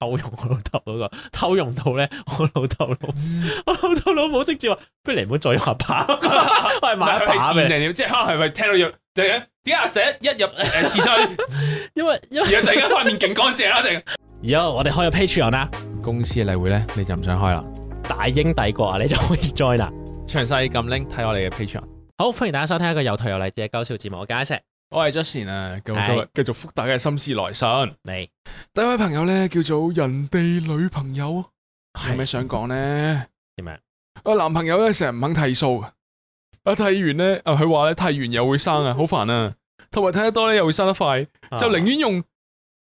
偷用我老豆嗰、那個偷用到咧，我老豆老我老豆老母直接話，不如你唔好再用下把，喂 買把面，即係可能係咪聽到要？突然點解阿姐一入誒廁所，因為因為突然間塊面勁乾淨啦，定？有我哋開個 Patreon 啦，公司嘅例會咧你就唔想開啦，大鷹帝國啊你就可以 join 啦，詳細撳 link 睇我哋嘅 Patreon。好，歡迎大家收聽一個又台又勵志嘅搞笑節目，我哋下一我係 Justin 啊，今日繼續覆大家嘅心事來信。嚟第一位朋友咧，叫做人哋女朋友，係咪想講咧？點啊？我男朋友咧成日唔肯剃鬚嘅，阿剃完咧，阿佢話咧剃完又會生煩，啊，好煩啊。同埋剃得多咧又會生得快，啊，就寧願用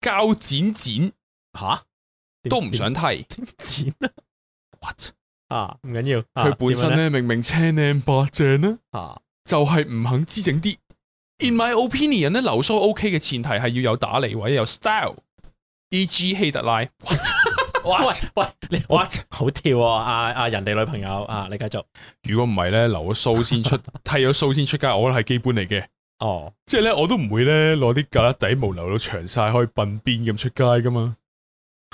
膠剪剪吓，啊，都唔想剃剪啊！what 啊唔緊要，佢本身咧明明青靚白淨啦，就係、是、唔肯滋整啲。In my opinion 咧，留鬚 OK 嘅前提係要有打理，或者有 style EG what? What?E. G. 希特拉，喂喂 what 好跳、哦、啊！阿、啊、人哋女朋友啊，你繼續。如果唔係咧，留咗鬚先出， 剃咗鬚先出街，我覺得係基本嚟嘅。哦，即係咧，我都唔會咧攞啲胳肋底毛留到長晒，可以鬢邊咁出街噶嘛。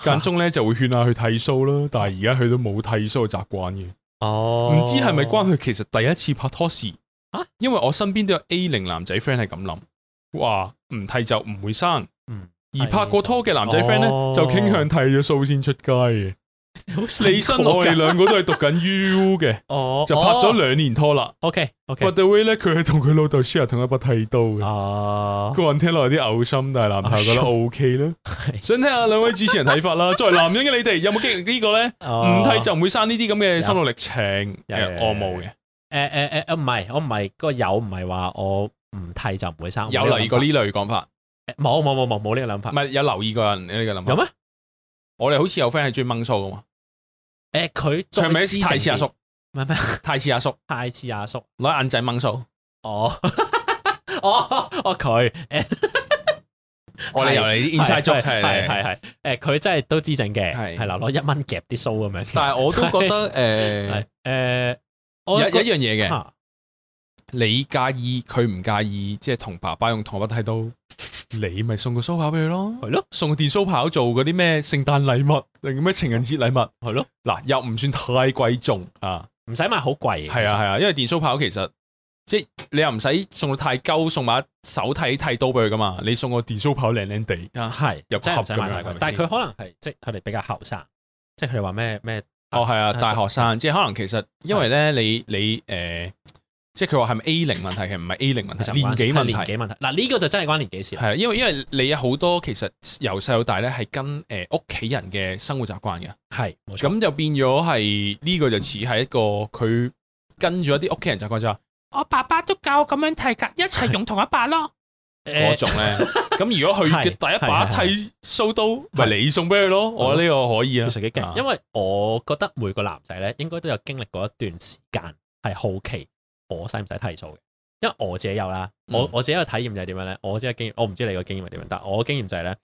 間、huh? 中咧就會勸下佢剃鬚咯，但係而家佢都冇剃鬚嘅習慣嘅。哦、oh.，唔知係咪關佢其實第一次拍拖時？因為我身邊都有 A 零男仔 friend 係咁諗，哇，唔剃就唔會生、嗯，而拍過拖嘅男仔 friend 咧就傾向剃咗鬚先出街嘅。你身 我哋兩個都係讀緊 U 嘅、哦，就拍咗兩年拖啦、哦。OK OK，But、okay、the way 咧，佢係同佢老豆 share 同一把剃刀嘅。個、啊、人聽落有啲嘔心，但係男朋友覺得 OK 咯。 想聽下兩位主持人睇法啦。作為男人嘅你哋有冇經歷呢個咧？唔、哦、剃就唔會生呢啲咁嘅心路歷程？我冇嘅。Yeah 呃誒誒誒，唔、欸、係、欸欸、我唔係、嗰個友唔係話我唔剃就唔會生有，有留意過呢類講法？冇冇冇冇冇呢個諗法，唔係有留意過人，你個人呢個諗法，有咩？我哋好似有 friend 係最掹鬚噶嘛，誒、欸、佢最似阿叔，唔係咩？似阿叔，太似阿叔，攞銀仔掹鬚，哦哦哦佢，我哋、欸、由嚟啲 inside 族，係係係，誒佢、欸、真係都知正嘅，係係攞一蚊夾啲鬚咁樣，但係我都覺得誒誒。一、哦、一樣嘢嘅、啊，你介意佢唔介意，即係同爸爸用同一把剃刀， 你咪送個鬚刨俾佢咯，係咯，送個電鬚刨做嗰啲咩聖誕禮物定咩情人節禮物，係咯，嗱又唔算太貴重啊，唔使買好貴嘅，係啊係啊，因為電鬚刨其實即係你又唔使送到太高，送把手剃剃刀俾佢噶嘛，你送個電鬚刨靚靚地啊係入盒買買、那個、但係佢可能係即係佢哋比較後生，即係佢哋話咩咩。哦，係啊，大學生係即係可能其實因為咧，你你誒、呃，即係佢話係咪 A 零問題？其實唔係 A 零問題，年紀問題。係年紀問題嗱，呢、啊呢個就真係關年紀事。係啊，因為因為你有好多其實由細到大咧係跟誒屋企人嘅生活習慣嘅。係，冇錯。咁就變咗係呢個就似係一個佢跟住一啲屋企人習慣就話，我爸爸都教我咁樣提格，一齊用同一把咯。欸、種咧，咁 如果佢嘅第一把剃鬚刀，咪你送俾佢咯？是是我呢個可以啊幾，因為我覺得每個男仔咧，應該都有經歷過一段時間係好奇我使唔使剃鬚嘅，因為我自己有啦。我我自己嘅體驗就係點樣咧？我自己，驗、嗯、我自己嘅經驗，我唔知你嘅經驗係點樣，但係我經驗就係咧，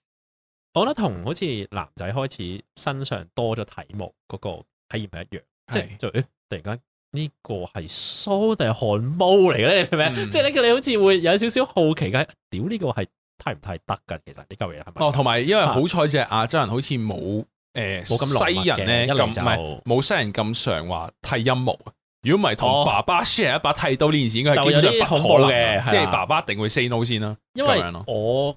我覺得同好似男仔開始身上多咗體毛嗰、那個體驗係一樣，是即係就、哎、突然間。呢、這個係鬚定係汗毛嚟嘅咧？你明唔明、嗯？即係咧，你好似會有少少好奇嘅。屌呢個係剃唔剃得噶？其實呢嚿嘢係咪？哦，同埋因為好彩只亞洲人好似冇誒，冇、啊、咁、呃、西人咧咁唔係，冇西人咁常話剃陰毛。如果唔係，同爸爸 share 一把剃刀呢件事，佢係基本上不可能嘅。即係、就是、爸爸一定會 say no 先啦、啊啊。 因為我，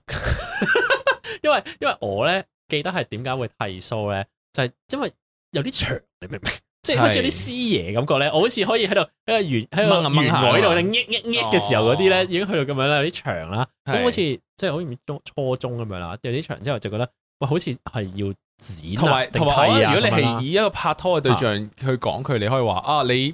因為因為我咧記得係點解會剃鬚咧，就係、是、因為有啲長，你明唔明？即係好似有啲師爺感覺咧，我好似可以喺度喺個圓喺個圓度咧壓壓壓嘅時候嗰啲咧已經去到咁樣啦，有啲長啦，咁好似即係好似中初中咁樣啦，有啲長之後就覺得喂，好似係要剪同埋同埋，如果你係以一個拍拖嘅對象去講佢，你可以話啊，你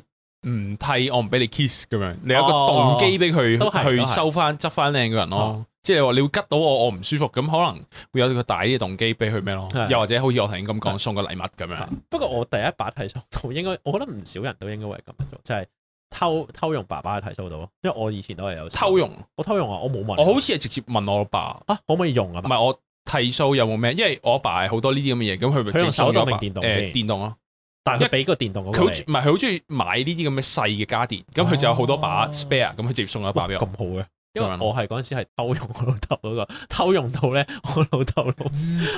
唔替我唔俾你 kiss 咁樣，你有個動機俾佢都係去收翻執翻靚嘅人咯。即係你話你會吉到我，我唔舒服，咁可能會有個大啲嘅動機俾佢咩咯？又或者好似我頭先咁講，送個禮物咁樣。不過我第一把剃鬚刀，應該我覺得唔少人都應該會咁做，就係、是、偷偷用爸爸嘅剃鬚刀。因為我以前都係有偷用，我偷用啊，我冇問，我好似係直接問我爸，爸啊，可唔可以用啊？唔係我剃鬚有冇咩？因為我爸係好多呢啲咁嘅嘢，咁佢咪用手動，用電動、呃，電動咯、啊。但係佢俾個電動個，佢唔係佢好中意買呢啲咁嘅細嘅家電，咁、啊、佢就有好多把 spare，咁佢直接送一把俾我。咁好嘅。因為我係嗰陣時係偷用我老豆嗰、嗰個，偷用到咧，我老豆老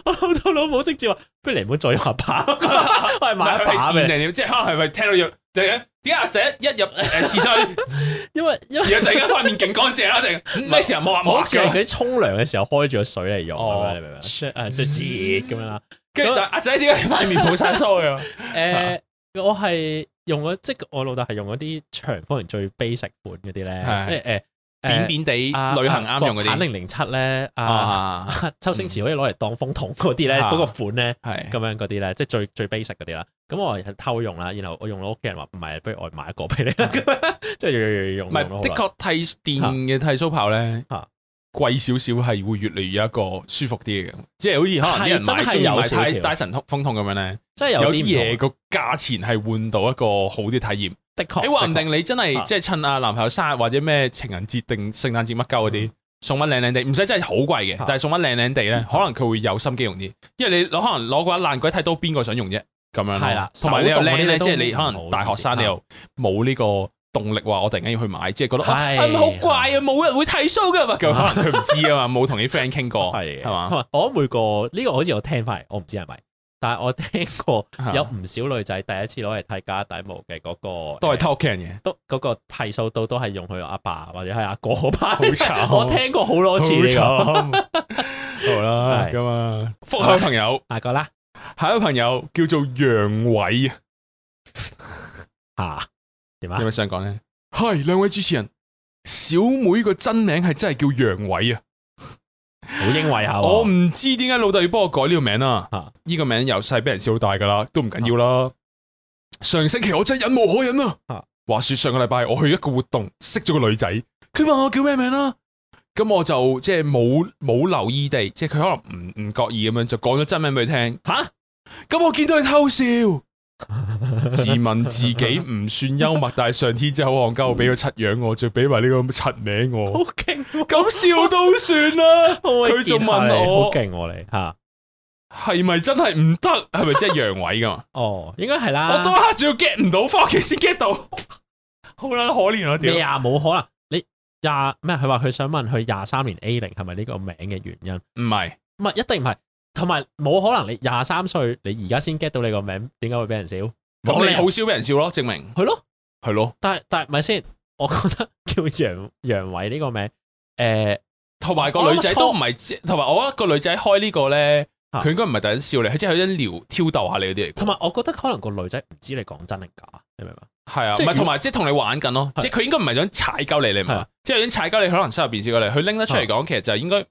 我老豆老母直接話：，你不如唔好再用下把， 我係買一把即係可能係咪聽到要突點解阿仔一入誒廁所，因為因為突然間塊面勁乾淨啦，定咩時候摸下冇下，其實佢沖涼嘅時候開住個水嚟用、哦，你明唔明？誒，就熱咁樣啦，跟住但阿仔點解塊面冇晒鬚嘅？誒、嗯呃，我係用咗，即係我老豆係用咗啲長方形最 basic 款嗰啲咧，誒。呃扁扁地、呃、旅行啱用嗰啲，零零七咧，啊，周、啊啊、星馳可以攞嚟當風筒嗰啲咧，嗰、啊那個款咧，係咁樣嗰啲咧，即、就、係、是、最最 basic 嗰啲啦。咁我偷用啦，然後我用到屋企人話唔係，不如我買一個俾你，即係、就是、用要，要，用。唔係的確剃電嘅剃鬚刨咧，吓貴少少係會越嚟越一個舒服啲嘅，即、就、係、是、好似可能啲人買咗買 Dyson 風筒咁樣咧，即係有啲嘢個價錢係換到一個好啲體驗。的確，你話唔定你真係即係趁阿男朋友生日、啊、或者咩情人節定聖誕節乜鳩嗰啲送乜靚靚地，唔使真係好貴嘅，但係送乜靚靚地咧，可能佢會有心機用啲、嗯，因為你攞可能攞個爛鬼太多，邊個想用啫？咁樣係啦，同、啊、埋手動嗰啲即係你可能大學生你又冇呢個動力話我突然間要去買，即係覺得好、哎啊、怪啊，冇、啊、人會睇 show 噶嘛，佢、啊、唔、啊、知啊嘛，冇同啲 friend 傾過係係嘛，我每個呢、這個好似我聽翻嚟，我唔知係咪。但係我聽過有唔少女仔第一次攞嚟睇家底毛嘅嗰、那個，都係偷嘅嘢，都嗰、那個剃鬚度都係用佢阿爸，爸或者係阿哥嗰班。好醜， 我聽過好多次。 好啦，咁啊，下一個朋友大哥啦，下一位朋友叫做楊偉 啊。吓，點啊？有乜想講咧？係 兩位主持人，小妹個真名係真係叫楊偉啊。好英偉吓， 我唔知點解老豆要幫我改呢個名、啊啊這個、名啦。吓，呢個名由細俾人笑到大噶啦，都唔緊要啦。上星期我真係忍無可忍啊，啊！話說上個禮拜我去一個活動，識咗個女仔，佢問我叫咩名啦、啊。咁我就即係冇冇留意地，即係佢可能唔唔覺意咁樣就講咗真名俾佢聽。吓、啊，咁我見到佢偷笑。 自問自己唔算幽默， 但係上天真好憨鳩，俾個七樣我，我，仲俾埋呢個七名我，好 勁！ 咁笑都算啦，佢仲問我好勁我哋，吓係咪真係唔得？係咪真係陽痿噶？哦，應該係啦，我當刻仲要 get 唔到返屋企先 get 到，好啦， 可憐我屌廿冇可能，你廿咩？佢話佢想問佢廿三年 A 零係咪呢個名嘅原因？唔係，唔係，一定唔係。同埋冇可能你廿三歲，你而家先 get 到你個名，點解會俾人笑？咁你好少俾人笑咯，證明係咯，係咯，咯。但係但係，咪先？我覺得叫楊楊偉呢個名，誒、呃，同埋個女仔都唔係，同埋我覺得，我覺得個女仔開這個呢個咧，佢、啊、應該唔係特登笑你，佢即係想撩挑逗下你嗰啲嚟。同埋我覺得可能個女仔唔知你講真定假，你明嘛？係啊，唔係同埋即係同你玩緊咯，即係佢應該唔係想踩鳩你，你明嘛？即係想踩鳩你，可能身入邊試過你，佢拎得出嚟講、啊，其實就係應該。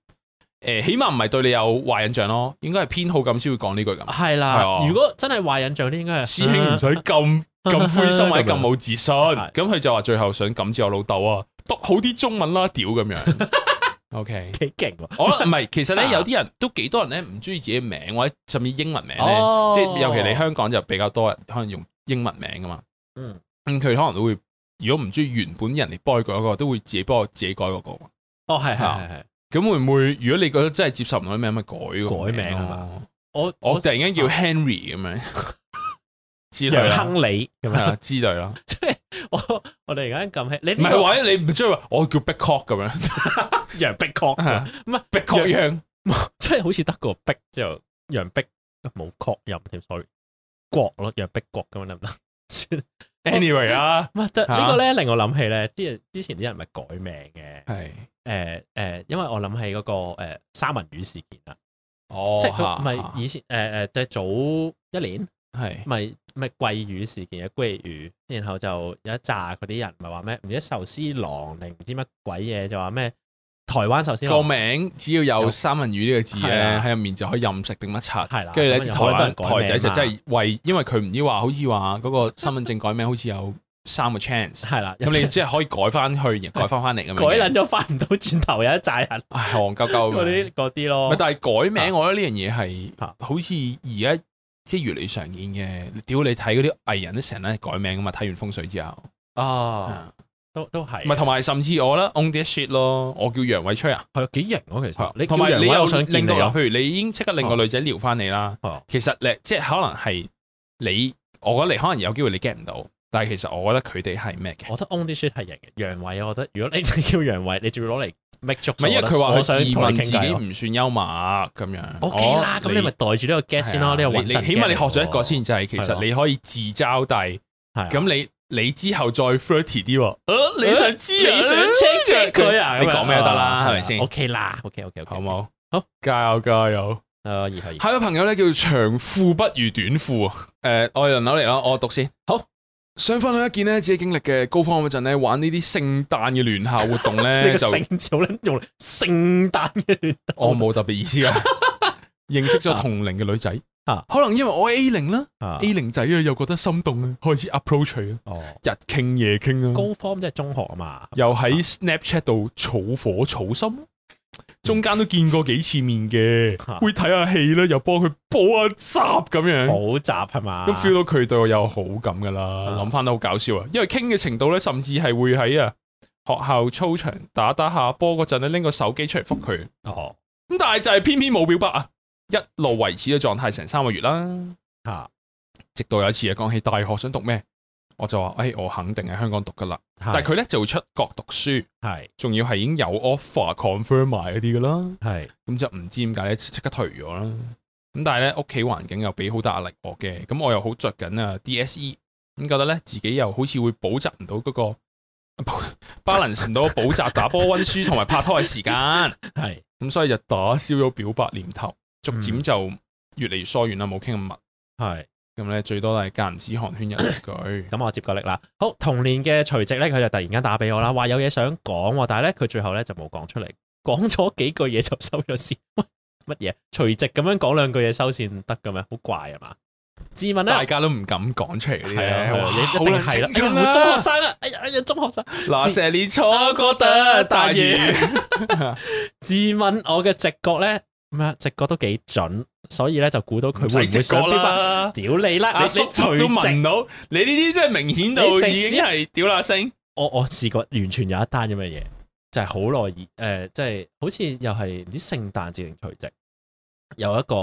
誒，起碼唔係對你有壞印象咯，應該係偏好咁先會講呢句咁。係啦，如果真係壞印象咧，應該係師兄唔使咁咁灰心，或者咁冇自信。咁佢就話最後想感謝我老豆啊，讀好啲中文啦、啊，屌咁樣。 OK，幾勁。我唔係，其實咧有啲人都幾多人咧唔中意自己名字或者甚至英文名咧、哦，即係尤其你香港就比較多人可能用英文名噶嘛。嗯，佢可能都會如果唔中意原本人嚟幫佢改個，都會自己幫我自己改嗰個。哦，係係係係。咁會唔會？如果你覺得真係接受唔到啲名，咪改個名改名啊嘛！我我突然間叫 Henry 咁樣，楊 亨利咁樣，之類咯。即 係 我我哋而家咁輕，你唔係話你唔中意話我叫 Big Cock 咁樣，楊 Big Cock 唔係 Big Cock 樣即係 好似得個 big 之後，楊逼冇確認添，所以國咯，楊逼國咁樣得唔得？ Anyway 啦、啊，唔、這、得、個、呢個咧令我諗起咧，啲人之前啲人咪改名嘅，係誒誒，因為我諗起嗰、那個誒、呃、三文魚事件啦、哦，即係佢唔係以前誒誒，即、啊、係、呃就是、早一年係，唔係唔係鮭魚事件嘅鮭魚，然後就有一紮嗰啲人，咪係話咩唔知壽司郎定唔知乜鬼嘢，就話咩。台灣首先個名只要有三文魚呢個字咧喺入面就可以任食定乜柒，跟住咧台台仔就真係為，因為佢唔知話好似話嗰個身份證改名好似有三個 chance，係啦，咁、啊、你即係可以改翻去，改翻翻嚟咁樣。改捻咗翻唔到轉頭有一拃人，唉、哎，戇鳩鳩嗰啲嗰啲咯。但係改名我覺得呢樣嘢係好似而家即係越嚟越常見嘅。屌你睇嗰啲藝人都成日改名㗎嘛，睇完風水之後。啊～啊都都係，唔係同埋甚至我覺得 on this shit 咯，我叫楊偉吹啊，係幾型嘅其實，你同埋你又想見你令到，譬如你已經即刻令個女仔撩翻你啦，啊，其實你即係可能係你，我覺得你可能有機會你 get 唔到，但係其實我覺得佢哋係咩嘅？我覺得 on this shit 係型嘅，楊偉我，我覺得，如果你叫楊偉，你仲要攞嚟 m a 足，唔係因為佢話佢想問自己唔算幽默咁，啊、樣，OK 啦，咁你咪袋住呢個 get 先咯，呢，這個你，你起碼你學咗一個先，就係其實你可以自嘲，帝咁你。你之後再 flirty 啲、啊，誒、啊、你想知、啊、你想 check 佢啊？你講咩都得啦，係咪先？OK 啦，OK OK OK，好唔好？好加油加油！誒，二、okay, 係、okay, okay. 下一個朋友咧叫長褲不如短褲，誒、呃，我輪流嚟咯，我讀先。好，想分享一件呢自己經歷嘅高峰嗰陣咧，玩呢啲聖誕嘅聯校活動咧，呢 成就咧用聖誕嘅我冇特別意思 啊，認識咗同齡嘅女仔。啊，可能因為我 A 零啦，A 零仔啊，仔又覺得心動啊，開始 approach 佢啊、哦，日傾夜傾啊，高 form，即係中學啊嘛，又喺、啊、Snapchat 度草火草心，啊、中間都見過幾次面嘅、啊，會睇下戲啦，又幫佢補下習咁樣，補習係嘛，咁 feel 到佢對我有好感噶啦，諗翻都好搞笑啊，因為傾嘅程度咧，甚至係會喺啊學校操場打打下波嗰陣咧，拎個手機出嚟覆佢，哦、啊，咁但係就係偏偏冇表白啊。一路維持嘅狀態成三個月啦、啊，直到有一次啊，講起大學想讀咩，我就話，誒、哎，我肯定喺香港讀噶啦。但佢咧就會出國讀書，係，仲要係已經有 offer confirm 埋嗰啲噶啦，咁就唔知點解咧，即刻退咗啦。咁但係咧，屋企環境又俾好大壓力我嘅，咁我又好着緊啊 DSE，咁覺得咧自己又好似會補習唔到嗰個 balance 唔到補習打波温書同埋拍拖嘅時間，咁所以就打消咗表白念頭。逐漸就越嚟越疏遠啦，冇傾咁密。係，咁咧最多都係隔唔少寒暄 一句。咁我接個力啦。好，童年嘅除夕咧，佢就突然間打俾我啦，有話有嘢想講，但係咧佢最後咧就冇講出嚟，講咗幾句嘢就收咗線。乜 嘢？除夕咁樣講兩句嘢收線得嘅咩？好怪呀嘛？自問咧，大家都唔敢講出嚟。係啊，啊，一定係啦，欸、中學生啊，哎呀哎呀，中學生。嗱，成年坐過的大雨。 自問我嘅直覺咧。咩直覺都幾準，所以咧就估到佢會唔會想表白？屌、啊、你啦，阿叔，除、啊、夕都聞到你呢啲，真係明顯就已經係屌啦聲。我我試過完全有一單咁嘅嘢，就係、是呃就是、好耐以誒，即係好似又係唔知聖誕節定除夕，有一個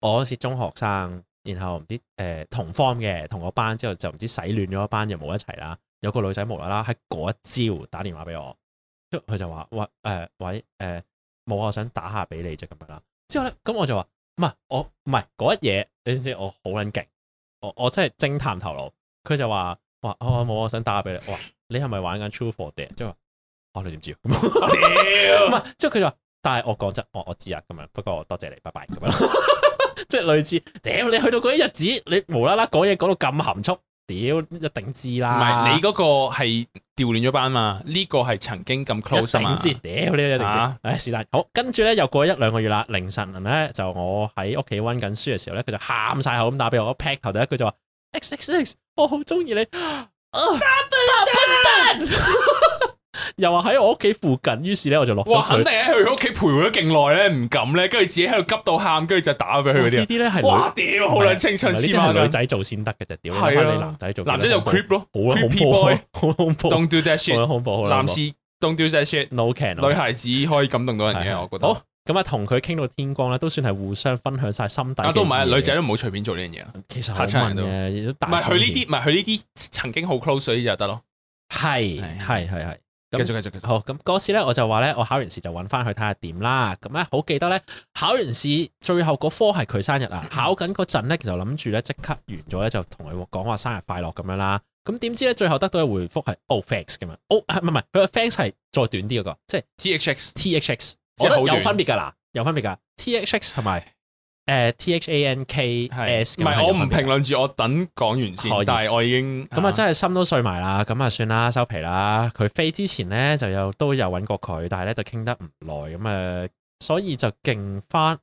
我嗰時中學生，然後唔知誒、呃、同 form 嘅同個班之後就唔知洗亂咗班又冇一齊啦。有個女仔無啦啦喺嗰一朝打電話俾我，佢就話喂誒喂誒。冇啊，想打下俾你就咁樣啦。之後咧，咁我就話唔係我唔係嗰一嘢，你知唔知？我好撚勁，我我真係偵探頭腦。佢就話：，我話我冇，哦、我想打下俾你。我話你係咪玩緊 Truth or Dare？即係話，哦，你點知？屌，唔係。之後佢就話，但係我講真，我我知啊，咁樣。不過多謝你，拜拜咁樣。即 係類似屌，你去到嗰啲日子，你無啦啦講嘢講到咁含蓄。屌、這個，一定知啦。唔係你嗰個係調亂咗班嘛？呢個係曾經咁 close 知？屌，你一定知啊。哎，是但，好，跟住咧又過一兩個月啦。凌晨咧就我喺屋企溫緊書嘅時候咧，佢就喊晒口咁打俾我，個 pack 頭第一句就話：X X X，我好中意你。大笨蛋！ 又話喺我屋企附近，於是咧我就落。哇！肯定喺佢屋企陪佢咗勁耐咧，唔敢咧，跟住自己喺度急到喊，跟住就打俾佢啲。呢啲咧係哇屌，好捻青春私密女仔做先得嘅，就屌，係啊，男仔做。男仔就 clip 咯，好恐怖，好恐怖，好恐怖，好恐怖。男士 don't do that shit 腦殘，do shit, no can, 女孩子可以感動到人嘅，我覺得。好咁啊，同佢傾到天光啦，都算係互相分享晒心底。啊，都唔係，女仔都唔好隨便做呢樣嘢。其實吓親人唔係佢呢啲，唔係佢呢啲，曾經好 close 呢啲就得咯。係係係係。繼續繼續繼續，好咁嗰次咧，我就話咧，我考完試就搵翻去睇下點啦。咁咧好記得咧，考完試最後嗰科係佢生日啦 考緊嗰陣咧，就諗住咧即刻完咗咧，就同佢講話生日快樂咁樣啦。咁點知咧，最後得到嘅回複係 Oh thanks 咁樣 Oh 唔係唔係，佢個 thanks 係再短啲嗰個，即係 THX，THX，我、就是、有分別噶啦，有分別噶，THX 同埋。 誒、呃、，T H A N K S，唔係我唔評論住，我等講完先。但係我已經咁啊，就真係心都碎埋啦。咁啊，算啦，收皮啦。佢飛之前咧，就有都有揾過佢，但係咧就傾得唔耐。咁啊，所以就勁翻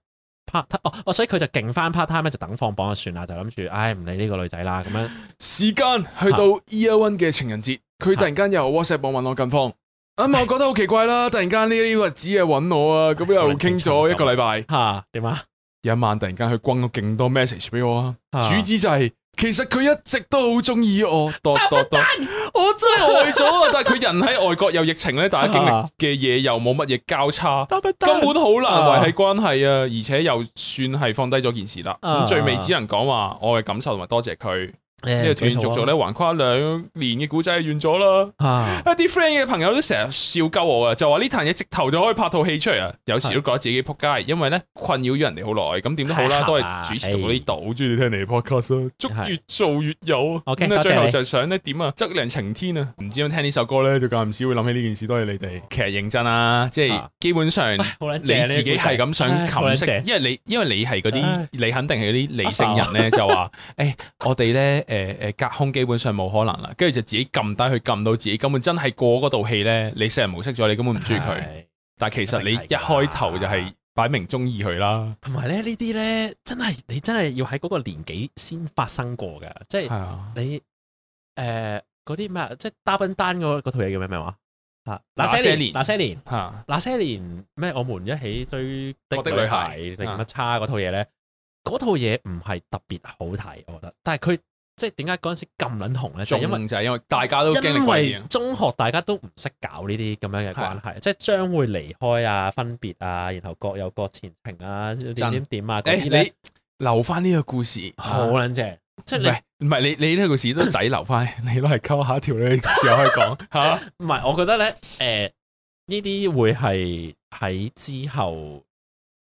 part time 哦哦，所以佢就勁翻 part time，就等放榜就算啦。就諗住，唉，唔理呢個女仔啦。咁樣時間去到 Year One 嘅情人節，佢、啊、突然間又 WhatsApp 我問我近況，咁、啊啊、我覺得好奇怪啦。突然間呢啲日子啊揾我啊，咁、啊啊、又傾咗一個禮拜。吓，點啊？有一晚突然間佢轟咗勁多 message 俾我啊，主旨就係、是、其實佢一直都好中意我，我真係害咗，但係佢人喺外國又疫情咧，大家經歷嘅嘢又冇乜嘢交叉，啊、根本好難維繫關係啊，而且又算係放低咗件事啦，咁、啊、最尾只能講話我嘅感受同埋多謝佢。即係斷斷續續咧，橫跨兩年嘅古仔完咗啦。啊！啲 friend 嘅朋友都成日笑鳩我啊，就話呢壇嘢直頭就可以拍套戲出嚟啊！有時都覺得自己仆街，因為咧困擾咗人哋好耐。咁點都好啦，都係主持到呢度，好中意聽你 podcast，祝越做越有。咁啊、okay，最後就想咧點啊？質量晴天啊！唔知點聽呢首歌咧，就間唔少會諗起呢件事。多謝你哋。其實認真啊，即、就、係、是啊、基本上、啊、你自己係、啊、咁想琴識，因為你因為你係嗰啲你肯定係嗰啲理性人咧、啊，就話誒，我哋咧。誒、呃、誒，隔空基本上冇可能啦，跟住就自己撳低去撳到自己，根本真係過嗰套戲咧。你成人模式咗，你根本唔中意佢。但係其實一你一開頭就係擺明中意佢啦。同埋咧，呢啲咧真係你真係要喺嗰個年紀先發生過㗎，即係、啊、你誒嗰啲咩，即係 d a r 嗰套嘢叫咩咩話？啊，那些年，那些年，啊，那些年咩？啊、年我們一起追的女孩，定乜叉嗰套嘢咧？嗰套嘢唔係特別好睇，我覺得，但係佢。即係點解嗰陣時咁撚紅咧？就係、因為就係因為大家都經歷改變。因為中學大家都唔識搞呢啲咁樣嘅關係，即係將會離開啊、分別啊，然後各有各前程啊，點點點啊。誒、欸，你留翻呢個故事好撚正，即係你唔係你你呢個故事都抵留翻， 你都係溝下條女嘅時候可以講吓。唔 係，我覺得咧，誒、呃，呢啲會係喺之後。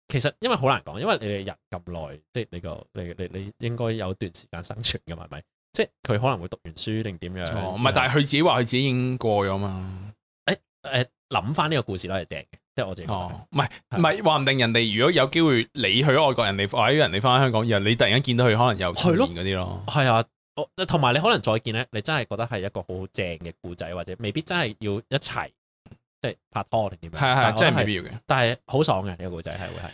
其實因為好難講，因為你哋入咁耐，即係你個你你你應該有段時間生存噶嘛，係咪？即係佢可能會讀完書定點樣？哦、唔係，但係佢自己話佢自己已經過咗嘛。誒、欸、誒，諗翻呢個故事都係正嘅，即係我自己是。哦，唔係唔係，話唔定人哋如果有機會你去外國，人哋或者人哋翻香港，然後你突然間見到佢，可能又出現嗰啲咯。係啊，同埋你可能再見咧，你真係覺得係一個好正嘅故仔，或者未必真係要一齊。即係拍拖定點樣？係係真係唔必要嘅，但係好爽嘅呢、這個故仔係會係，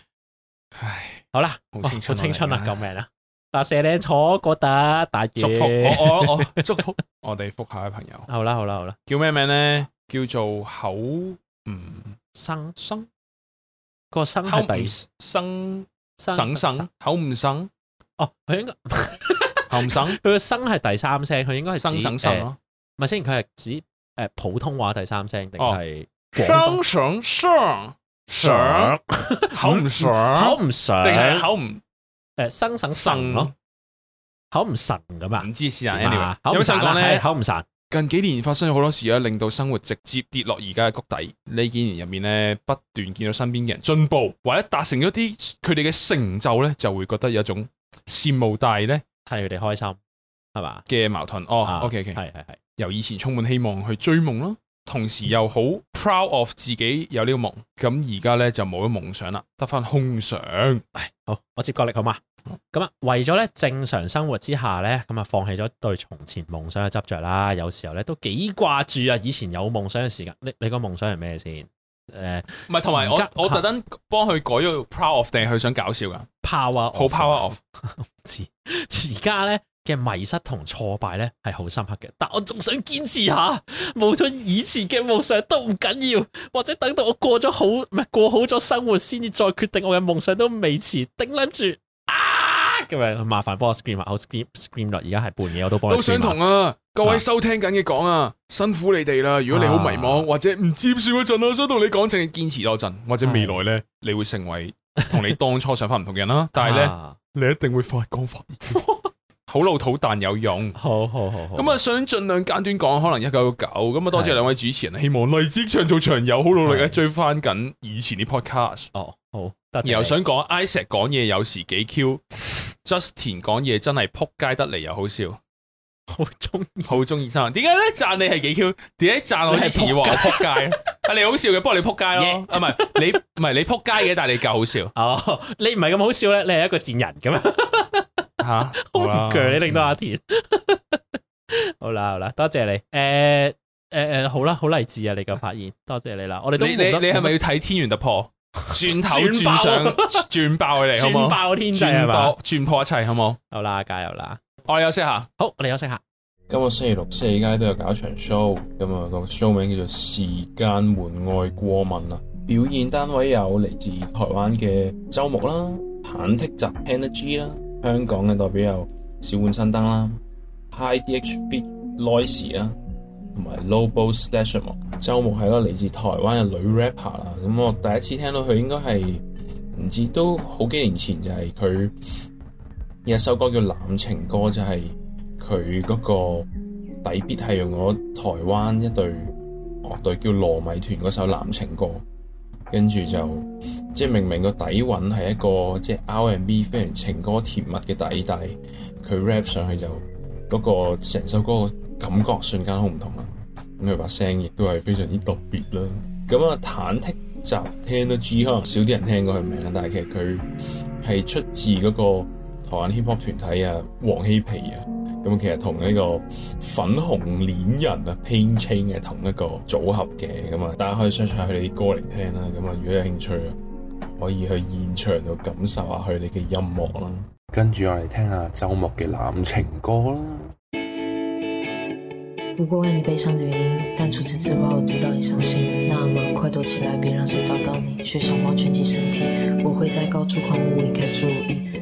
唉，好啦，好青春啊，你救命啦、啊！但係四零過得大嘅，祝福我我我祝福 我哋覆下嘅朋友。好啦好啦好啦，叫咩名咧？叫做口唔生生個生係第生省省口唔生？哦，佢應該口唔省，佢個生係第三聲，佢應該係生。省咯。唔係、啊呃、先，佢係指誒、呃、普通話第三聲定係？生上上、嗯、上，好唔上，好唔上，定係好唔誒，生省神咯，好唔神咁啊？唔知事啊，Anyway，有咩習慣咧？好唔神，神？近幾年發生咗好多事咧，令到生活直接跌落而家嘅谷底。呢幾年入面咧，不斷見到身邊嘅人進步，或者達成咗啲佢哋嘅成就咧，就會覺得有一種羨慕，但係咧，替佢哋開心係嘛嘅矛盾。哦，OK，OK，係係係，由以前充滿希望去追夢咯。同時又好 proud of 自己有呢個夢，咁而家咧就冇咗夢想啦，得翻空想唉。好，我接過力好嘛？咁啊，為咗咧正常生活之下咧，咁啊放棄咗對從前夢想嘅執着啦。有時候咧都幾掛住啊以前有夢想嘅時間。你你個夢想係咩先？誒、呃，唔係同埋我我特登幫佢改咗 proud of 定係佢想搞笑噶？power of，好 power of 唔知而家咧。 嘅迷失同挫敗咧係好深刻嘅，但我仲想堅持下，冇咗以前嘅夢想都唔緊要，或者等到我過咗好唔係過好咗生活，先至再決定我嘅夢想都未遲。頂捻住啊咁樣，麻煩幫我 scream 啊，我 scream scream 啦，而家係半夜我都幫。都想同啊各位收聽緊嘅講啊，辛苦你哋啦。如果你好迷茫、啊、或者唔接住嗰陣啦，我想同你講，請你堅持多陣。或者未來咧、啊，你會成為同你當初想法唔同嘅人啦、啊。但係咧，你一定會發光發熱。啊好老土但有用，好好好。咁啊，想儘量簡短講，可能一九九咁啊。多謝兩位主持人，希望荔枝長做長有，好努力啊！追翻緊以前啲 podcast 哦。Oh, 好，又想講，Isaac 講嘢有時幾 Q，Justin 講嘢真係撲街得嚟又好笑，好中意，好中意。三，點解咧？讚你係幾 Q？點解讚我係詞話撲街？啊， 你好笑嘅，不過你撲街咯。Yeah. 啊，唔係你唔係你撲街嘅，但係你夠好笑。哦、oh，你唔係咁好笑咧，你係一個賤人咁樣。 吓好強， 你令到阿田 好啦好啦，多謝你誒誒誒，好啦，好勵志啊！你嘅發言，多謝你啦。我哋你你你係咪要睇天元突破？轉 頭轉轉上轉 轉爆嚟、啊， 好冇？轉爆天際係嘛？轉 破一切好冇？好啦，加油啦！我哋休息下，好，我哋休息下。今個星期六，四街都有搞場 show，咁啊個 show 名叫做《時間門外過敏》啊！表演單位有嚟自台灣嘅周穆啦、忐忑集 Energy 啦。香港嘅代表有小碗新燈啦，Hi D H B l o i s e 啊，同埋 l o b a l Station。周穆係一個嚟自台灣嘅女 rapper 啦。咁我第一次聽到佢，應該係唔知都好幾年前，就係佢有一首歌叫《濫情歌》，就係佢嗰個底 beat 係用咗台灣一對樂隊叫糯米團嗰首《濫情歌》。跟住就，即係明明個底蘊係一個即係 R&B 非常情歌甜蜜嘅底底，佢 rap 上去就嗰、嗰個成首歌嘅感覺瞬間好唔同啦。咁佢把聲亦都係非常之特別啦。咁啊，忐忑集聽都知，可能少啲人聽過佢名啦，但係其實佢係出自嗰個台灣 hiphop 團體啊，黃希皮啊。咁其實同呢個粉紅戀人啊，Pink Chain 嘅同一個組合嘅咁啊，大家可以 search 下佢哋啲歌嚟聽啦。咁啊，如果有興趣啊，可以去現場度感受下佢哋嘅音樂啦。跟住我嚟聽下周穆嘅濫情歌啦。不過問你悲傷的原因，但除此之外我知道你傷心。那麼快躲起來，別讓誰找到你。雪小貓蜷起身體，我會在高處狂舞，我應該注意。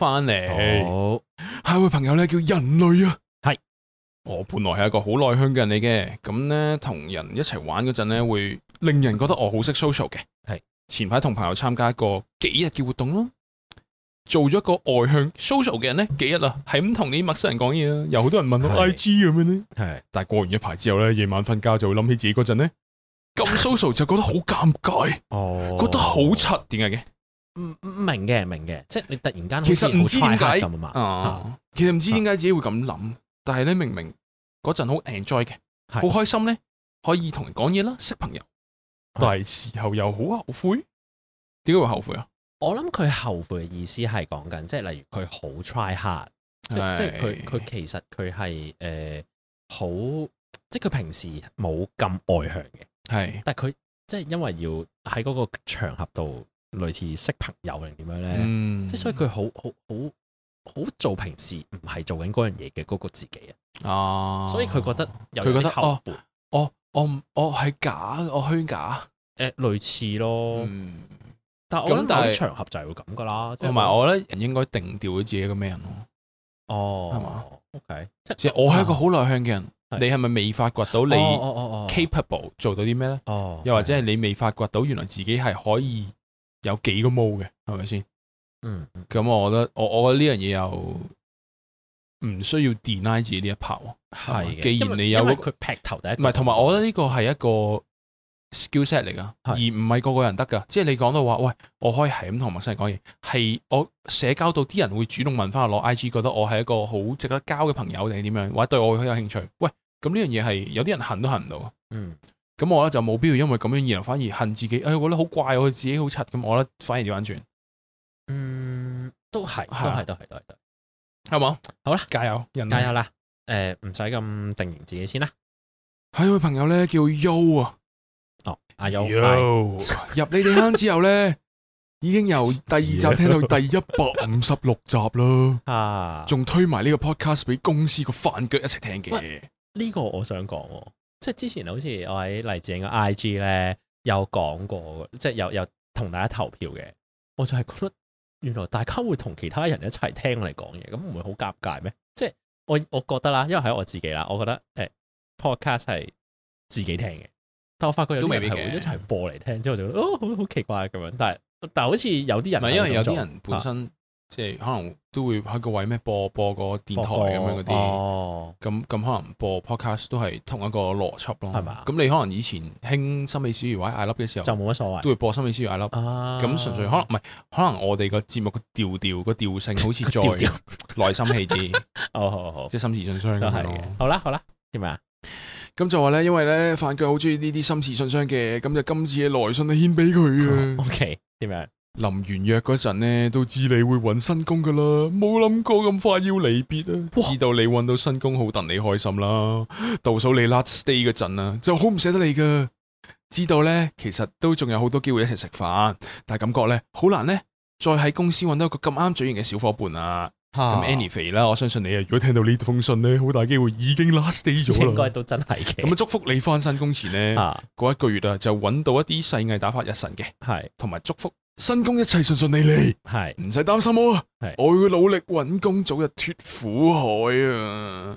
翻嚟，下一、oh. 位朋友咧叫人類啊，係我本來係一個好內向嘅人嚟嘅，咁咧同人一齊玩嗰陣咧會令人覺得我好識 social 嘅，係前排同朋友參加一個幾日嘅活動咯，做咗一個外向 social 嘅人咧幾日啊，係咁同啲陌生人講嘢啊，有好多人問我 IG 咁樣咧，係但係過完一排之後咧，夜晚瞓覺就會諗起自己嗰陣咧咁 social 就覺得好尷尬，哦、oh.，覺得好柒，點解嘅？明嘅，明嘅，即係你突然間其實唔知點解啊，其實唔知點解、uh, 嗯、自己會咁諗，uh, 但係你明明嗰陣好 enjoy 嘅，好開心咧，可以同人講嘢啦，識朋友，但係事後又好後悔，點解會後悔啊？我諗佢後悔嘅意思係講緊，即係例如佢好 try hard，即係佢佢其實佢係誒好，即係佢平時冇咁外向嘅，係，但係佢即係因為要喺嗰個場合度。類似識朋友定點樣咧、嗯？即係所以佢好好好好做平時唔係做緊嗰樣嘢嘅嗰個自己的啊！所以佢覺得佢覺得哦，我我我係假，我虛假誒，類似咯。但係我諗，但係啲場合就係會咁噶啦。同埋、就是，我咧人應該定調到自己一個咩人咯？哦，係嘛？OK，即係、嗯、我係一個好內向嘅人。是你係咪未發掘到你 capable、哦、做到啲咩咧？又或者係你未發掘到原來自己係可以？有幾個毛嘅，係咪先？嗯，咁我覺得，我我覺得呢樣嘢又唔需要 deny 自己呢一 part 喎。係，既然你有佢劈頭第一，唔係同埋我覺得呢個係一個 skill set 嚟噶，而唔係個個人得噶。即係你講到話，喂，我可以係咁同陌生人講嘢，係我社交到啲人會主動問翻我攞 IG，覺得我係一個好值得交嘅朋友定係點樣，或者對我好有興趣。喂，咁呢樣嘢係有啲人行都行唔到。嗯。咁我咧就冇必要因為咁樣而，然後反而恨自己。哎，我覺得好怪，我自己好柒。咁我咧反而要安全，嗯，都係，都係，都係，都係，得冇？好啦，加油，加油啦！誒、呃，唔使咁定型自己先啦。喺、有、位朋友咧叫優啊，哦，阿優，入你哋坑之後咧， 已經由第二集聽到第一百五十六集啦，啊，仲推埋呢個 podcast 俾公司個飯腳一齊聽嘅。呢、這個我想講、哦。即係之前好似我喺黎智英嘅 I G 咧有講過，即係有有同大家投票嘅，我就係覺得原來大家會同其他人一齊聽我嚟講嘢，咁唔會好尷尬咩？即係我我覺得啦，因為係我自己啦，我覺得誒、欸、Podcast 係自己聽嘅，但我發覺有啲人會一齊播嚟聽，之後我就覺得哦，好好奇怪咁樣，但係但係好似有啲人因為有啲人本身。啊即係可能都會喺個位咩播播個電台咁樣嗰啲，咁咁、哦、可能播，播 podcast 都係同一個邏輯咯，係嘛？咁你可能以前興森美小儀或者艾粒嘅時候，就冇乜所謂，都會播森美小儀艾粒。咁純、哦、粹可能唔係、哦，可能我哋個節目個調調個調性好似再內心氣啲。哦， 好，即係心事信箱都係嘅。好啦，好啦，點啊？咁就話咧，因為咧，范哥好中意呢啲心事信箱嘅，咁就今次嘅來信都獻俾佢啊。O K，點樣？臨完約嗰陣咧，都知你會揾新工噶啦，冇諗過咁快要離別啊！知道你揾到新工，好戥你開心啦。倒數你 last day 嗰陣啦，就好唔捨得你噶。知道咧，其實都仲有好多機會一齊食飯，但係感覺咧，好難咧，再喺公司揾到一個咁啱嘴型嘅小夥伴啊。咁 anyway 啦，我相信你啊，如果聽到呢封信咧，好大機會已經 last day 咗啦。應該都真係嘅。咁啊，祝福你翻新工前咧，嗰、啊、一個月啊，就揾到一啲細藝打發日神嘅係，同埋祝福，新工一切順順利利，係唔使擔心我啊！我會努力搵工，早日脱苦海啊,啊！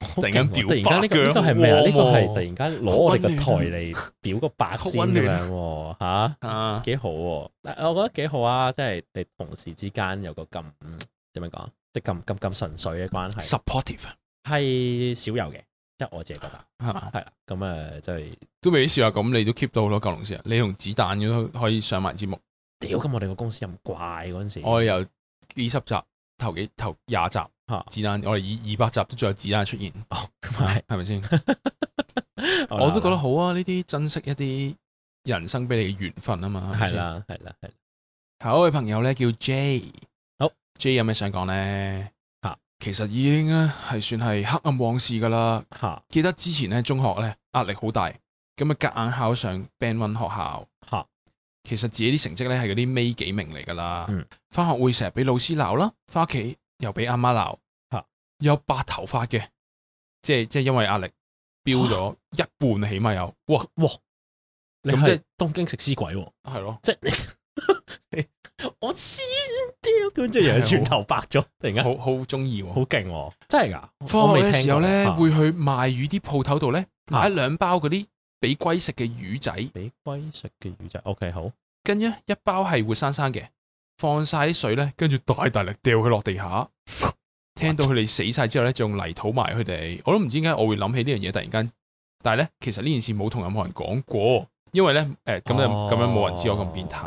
突然間突然間呢、這個係咩啊？呢、啊這個係突然間攞我哋個台嚟表個白先嘅吓，幾、啊啊啊、好、啊！我覺得幾好啊，即、就、係、是、你同事之間有個咁點樣講，即係咁咁咁純粹嘅關係。supportive 係少有嘅，即、就、係、是、我自己覺得係嘛係啦，咁誒即係都未試下咁，你都 keep 到好多舊同事啊！你用子彈都可以上埋節目。屌，咁我哋個公司又唔怪嗰陣時。我哋有二十集頭幾頭廿集哈子彈，我哋以二百集都仲有子彈出現哦，係咪先？ 我都覺得好啊，呢啲珍惜一啲人生俾你嘅緣分啊嘛，係啦係啦係。下一位朋友咧叫 J，好 J 有咩想講咧？吓，其實已經咧係算係黑暗往事噶啦。吓，記得之前咧中學咧壓力好大，咁啊夾硬考上 Band One 學校吓。其實自己啲成績咧係嗰啲尾幾名嚟噶啦，翻、嗯、學會成日俾老師鬧啦，翻屋企又俾阿媽鬧，吓、啊、有白頭髮嘅，即係即係因為壓力飆咗一半起碼有，哇、啊、哇，咁即係東京食屍鬼係、啊、咯，即係我先掉咁即係全頭白咗，突然間好好中意，好勁、 啊啊，真係噶，放學嘅時候咧、啊、會去賣魚啲鋪頭度咧買兩包嗰啲、啊。俾龜食嘅魚仔，俾龜食嘅魚仔，OK 好。跟住一包係活生生嘅，放晒啲水咧，跟住大大力掉佢落地下。 聽到佢哋死晒之後咧，仲用泥土埋佢哋。我都唔知點解我會諗起呢樣嘢突然間。但係咧，其實呢件事冇同任何人講過，因為咧，誒、呃、咁樣咁、哦、樣冇人知道我咁變態。誒、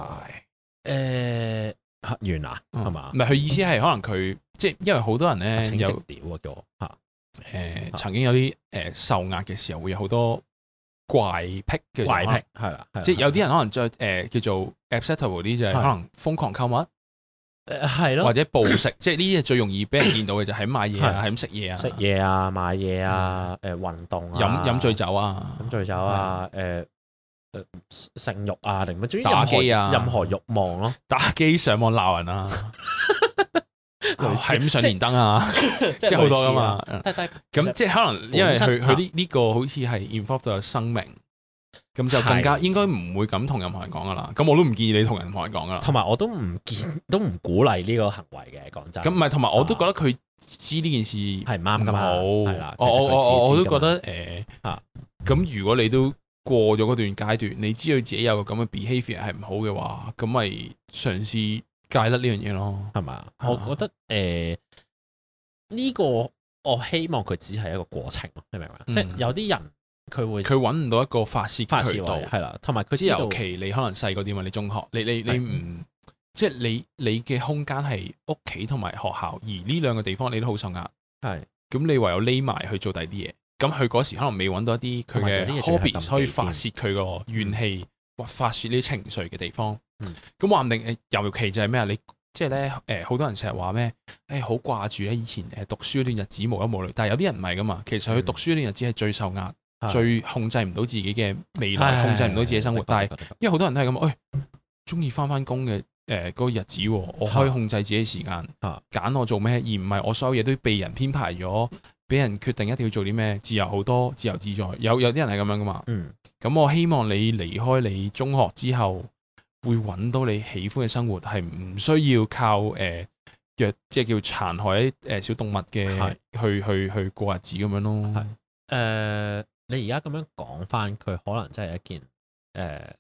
呃，黑員啊，係、嗯、嘛？唔係佢意思係可能佢、嗯、即係因為好多人咧有屌啊，吓。誒、這個呃，曾經有啲誒、啊呃、受壓嘅時候會有好多。怪癖嘅怪癖，係、就、啦、是，即係、啊啊就是啊啊、有啲人可能再誒、呃、叫做 acceptable 啲，就係、啊、可能瘋狂購物，誒係咯，或者暴食，即係呢啲最容易俾人見到嘅就係、是、咁買嘢啊，咁食嘢啊，食嘢啊，啊，啊，買嘢啊，誒、啊呃、運動啊，飲飲醉酒啊，飲醉酒啊，誒誒性慾啊，定、呃、乜、啊啊？打機啊，任何慾望咯、啊，打機上網鬧人啊。 係咁、哦、上連登啊，即係好多噶嘛。咁即係可能，因為佢佢呢呢個好似係 involve 到生命，咁、啊、就更加應該唔會咁同任何人講噶啦。咁我都唔建議你同任何人講噶啦。同埋我都唔建，都唔鼓勵呢個行為嘅。講真，咁唔係，同埋我都覺得佢知呢件事係唔啱噶嘛。係、哦、啦，我都覺得誒吓。咁、呃啊、如果你都過咗嗰段階段，你知道自己有咁嘅 behavior 係唔好嘅話，咁咪嘗試。戒得呢樣嘢咯，係嘛、啊？我覺得誒呢、呃這個我希望佢只係一個過程咯，你明嘛、嗯？即係有啲人佢會佢揾唔到一個發泄渠道係啦，同埋佢尤其你可能細個點啊，你中學，你你你唔、嗯、即係你你嘅空間係屋企同埋學校，而呢兩個地方你都好受壓，咁你唯有匿埋去做第二啲嘢，咁佢嗰時可能未搵到一啲佢嘅 hobby 可以發泄佢個怨氣或發泄啲情緒嘅地方。咁話唔定，尤其就係咩啊？你即係咧，誒、就是，好、呃、多人成日話咩？誒、哎，好掛住咧以前誒讀書嗰段日子，無憂無慮。但係有啲人唔係噶嘛，其實佢讀書嗰段日子係最受壓、嗯、最控制唔到自己嘅未來，哎、控制唔到自己生活。哎哎、但係、哎嗯、因為好多人都係咁，誒、哎，中意翻翻工嘅，誒、呃，嗰個日子我可以控制自己時間，揀、嗯嗯、我做咩，而唔係我所有嘢都被人編排咗，俾人決定一定要做啲咩，自由好多，自由自在。有有啲人係咁樣噶嘛。嗯。咁我希望你離開你中學之後。會揾到你喜歡嘅生活，係唔需要靠誒、呃，若即係叫殘害誒、呃、小動物嘅，去去去過日子咁樣咯。係誒、呃，你而家咁樣講翻，佢可能真係一件誒、呃、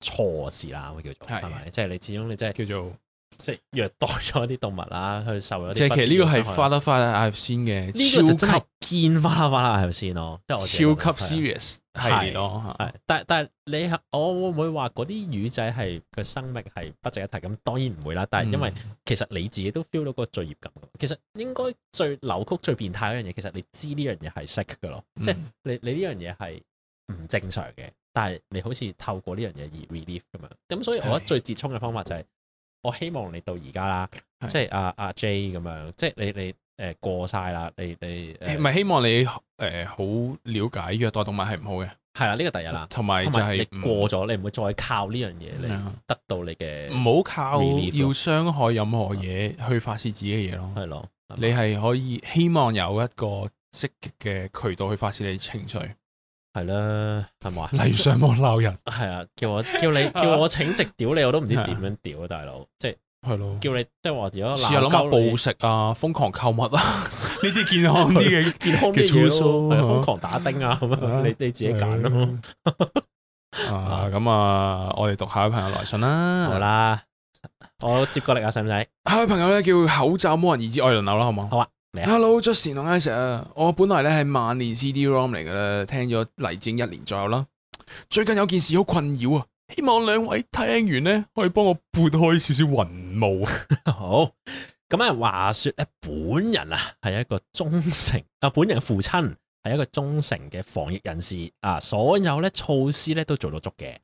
錯事啦，會叫做係咪？即係、就是、你始終你真係叫做。即係虐待咗啲動物啦，佢受咗。其實呢個係 fire fire 先嘅，呢個就真係癲 fire fire 係咪先咯？超級 serious 係咯，但係但係你我會唔會話嗰啲魚仔係個生命係不值一提？咁當然唔會啦。但係因為其實你自己都 feel 到個罪孽感、嗯。其實應該最扭曲、最變態一樣嘢，其實你知呢樣嘢係 sex 噶咯，即、嗯、係、就是、你你呢樣嘢係唔正常嘅。但係你好似透過呢樣嘢而 relief 咁樣。咁所以我覺得最接衷嘅方法就係、是。是我希望你到而家啦，即係阿阿 J 咁樣，即係你你誒過晒啦，你、呃、你唔係希望你誒、呃、好了解虐待動物係唔好嘅，係啦，呢個第一啦，同埋就係、是、過咗、嗯，你唔會再靠呢樣嘢嚟得到你嘅，唔好靠要傷害任何嘢去發泄自己嘅嘢咯，係咯，你係可以希望有一個積極嘅渠道去發泄你嘅情緒。係啦，係嘛？例如上網鬧人，係 啊，叫我叫你叫我請直屌你，我都唔知點樣屌啊， 大佬，即係係咯，叫你即係話如果，試下諗下暴食啊，瘋狂購物啊，呢啲健康啲嘅 健康嘅嘢咯，係啊，瘋狂打丁啊，咁 啊， 你你自己揀咯。 啊，咁啊，我哋讀一下一位朋友來信啦，好啦，我接過嚟啊，使唔使？下位朋友咧叫口罩魔人二至愛倫牛啦，好唔好？好啊。Hello，Jussie 同 Isha 啊，我本嚟咧係萬年 CD ROM 嚟嘅啦，聽咗黎政一年左右啦。最近有件事好困擾啊，希望兩位聽完咧可以幫我撥開少少雲霧。好，咁啊，話說咧，本人啊係一個忠誠啊，本人嘅父親係一個忠誠嘅防疫人士啊，所有咧措施咧都做到足嘅。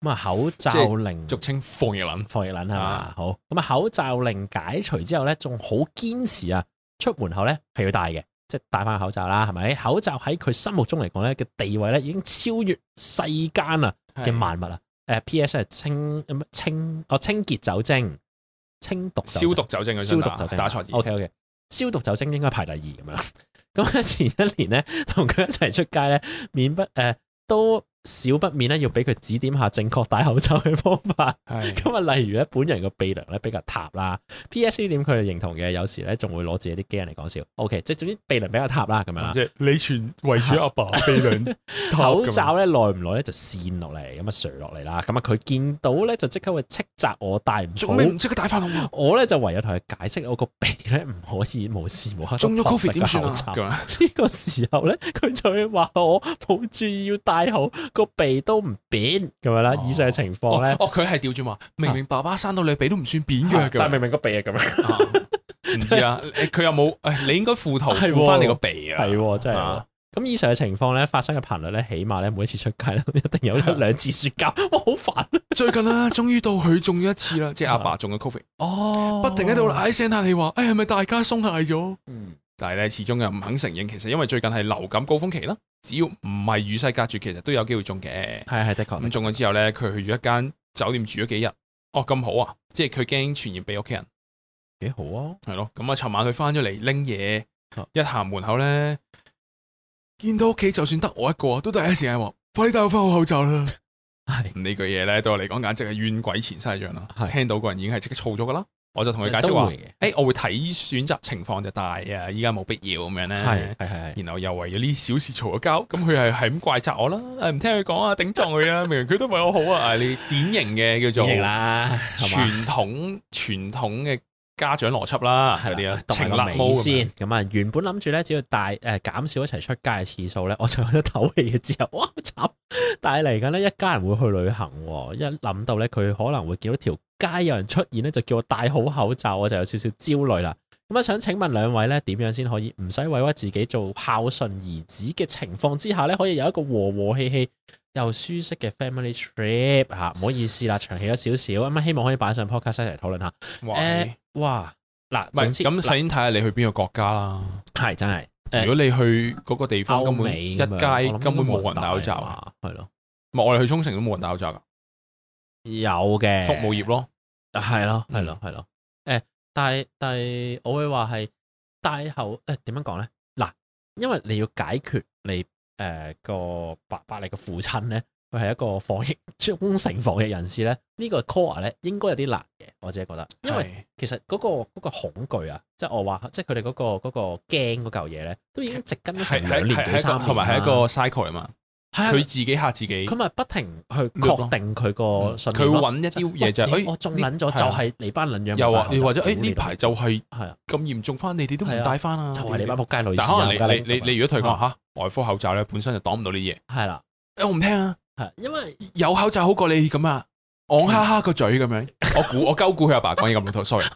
咁啊，口罩令俗稱防疫撚，防疫撚係嘛？好，咁啊，口罩令解除之後咧，仲好堅持啊。出門口咧，係要戴嘅，即係戴翻個口罩啦，係咪？口罩喺佢心目中嚟講咧嘅地位咧，已經超越世間啊嘅萬物啦。誒，P.S. 係清，清，哦，清潔酒精、清毒、消毒酒精、消毒酒精打，打，打錯字。O.K.O.K. Okay, okay. 消毒酒精應該排第二咁樣。咁 喺前一年咧，同佢一齊出街咧，免不誒、呃、都。少不免咧要俾佢指點下正確戴口罩嘅方法。咁啊，例如咧本人個鼻梁咧比較塌啦。P.S. 呢點佢係認同嘅，有時咧仲會攞自己啲驚人嚟講笑。O.K.，即係總之鼻梁比較塌啦，咁樣。即係你全圍住阿爸鼻梁口罩咧耐唔耐咧就墊落嚟，咁啊垂落嚟啦。咁啊佢見到咧就即刻會斥責我不不戴唔好，做咩唔識嘅戴法啊？我咧就唯有同佢解釋我個鼻咧唔可以無時無，無刻都戴口罩。呢、啊呢個時候咧佢就會話我抱住要戴好。個鼻都唔扁咁樣啦，以上嘅情況咧，哦佢係調轉嘛，明明爸爸生到你鼻都唔算扁嘅，但明明個鼻係咁樣，唔知啊，佢 知道 有冇誒、哎？你應該扶頭扶翻你個鼻啊，係真係，咁、啊、以上嘅情況咧，發生嘅頻率咧，起碼咧每一次出街咧，一定有一兩次雪夾，我好煩。最近啦，終於到佢中咗一次啦，即係阿爸中咗 Covid 哦，哎、是不停喺度嗌聲嘆氣話，哎呀，係咪大家鬆懈咗，嗯。但係咧，始終又唔肯承認，其實因為最近係流感高峰期啦，只要唔係與世隔絕，其實都有機會中嘅。係係，的確。咁中咗之後咧，佢去咗一間酒店住咗幾日。哦，咁好啊！即係佢驚傳染俾屋企人，幾好啊！係咯，咁、嗯、啊，尋晚佢翻咗嚟拎嘢，一行門口咧，見到屋企就算得我一個都第一時間話：快啲戴我翻好口罩啦！係、嗯、呢句嘢咧，對我嚟講簡直係冤鬼前世一樣啦！聽到個人已經係即刻燥咗㗎啦～我就同佢解釋話，誒、欸，我會睇選擇情況就大啊，依家冇必要咁樣咧。係係係。然後又為咗呢小事嘈咗交，咁佢係係咁怪責我啦，唔聽佢講啊，頂撞佢啊，明明佢都為我好啊，啊你典型嘅叫做傳統啦，傳統嘅。家長邏輯啦，嗰啲啊，情甩咁啊。原本諗住咧，只要帶誒減少一齊出街嘅次數咧，我就喺度唞氣嘅時候，哇！但係嚟緊咧，一家人會去旅行。一諗到咧，佢可能會見到條街有人出現咧，就叫我戴好口罩，我就有少少焦慮啦。咁、嗯、啊，想請問兩位咧，點樣先可以唔使委屈自己做孝順兒子嘅情況之下咧，可以有一個和和氣氣又舒適嘅 family trip？吓、啊，唔好意思啦，長氣咗少少，咁啊，希望可以擺上 podcast 嚟討論下。哇！嗱、啊，唔係咁，首、啊、先睇下你去邊個國家啦。係真係，如果你去嗰個地方，根本一街根本冇人戴口罩啊，係咯。唔係我哋去沖繩都冇人戴口罩噶，有嘅服務業咯，係咯，係咯，係咯。誒、嗯欸，但係但係，我會話係但後誒點樣講咧？嗱、欸啊，因為你要解決你誒、呃那個爸爸，你個父親咧。佢係一個防疫忠誠防疫人士咧，呢、這個 core 咧應該有啲難嘅，我自己覺得，因為其實嗰個個恐懼啊，即、就、係、是、我話，即係佢哋嗰個嗰、那個驚嗰嚿嘢咧，都已經植根咗成兩年幾三年啦。同埋係一個 cycle 啊嘛，佢自己吓自己。佢咪不，不停去確定佢個信。佢、嗯、搵、嗯、一啲嘢就係可我中揾咗、哎啊、就係嚟班卵樣。又話，又或者誒呢排就係係啊咁嚴重翻，你哋都唔帶翻啦，就係嚟班仆街女。係可能你你你如果退講吓外科口罩咧，本身就擋唔到呢嘢。係啦，誒我唔聽啊。因為有口罩好過你咁 啊，昂哈哈個嘴咁樣。我估我鳩估佢阿爸講嘢咁多，sorry。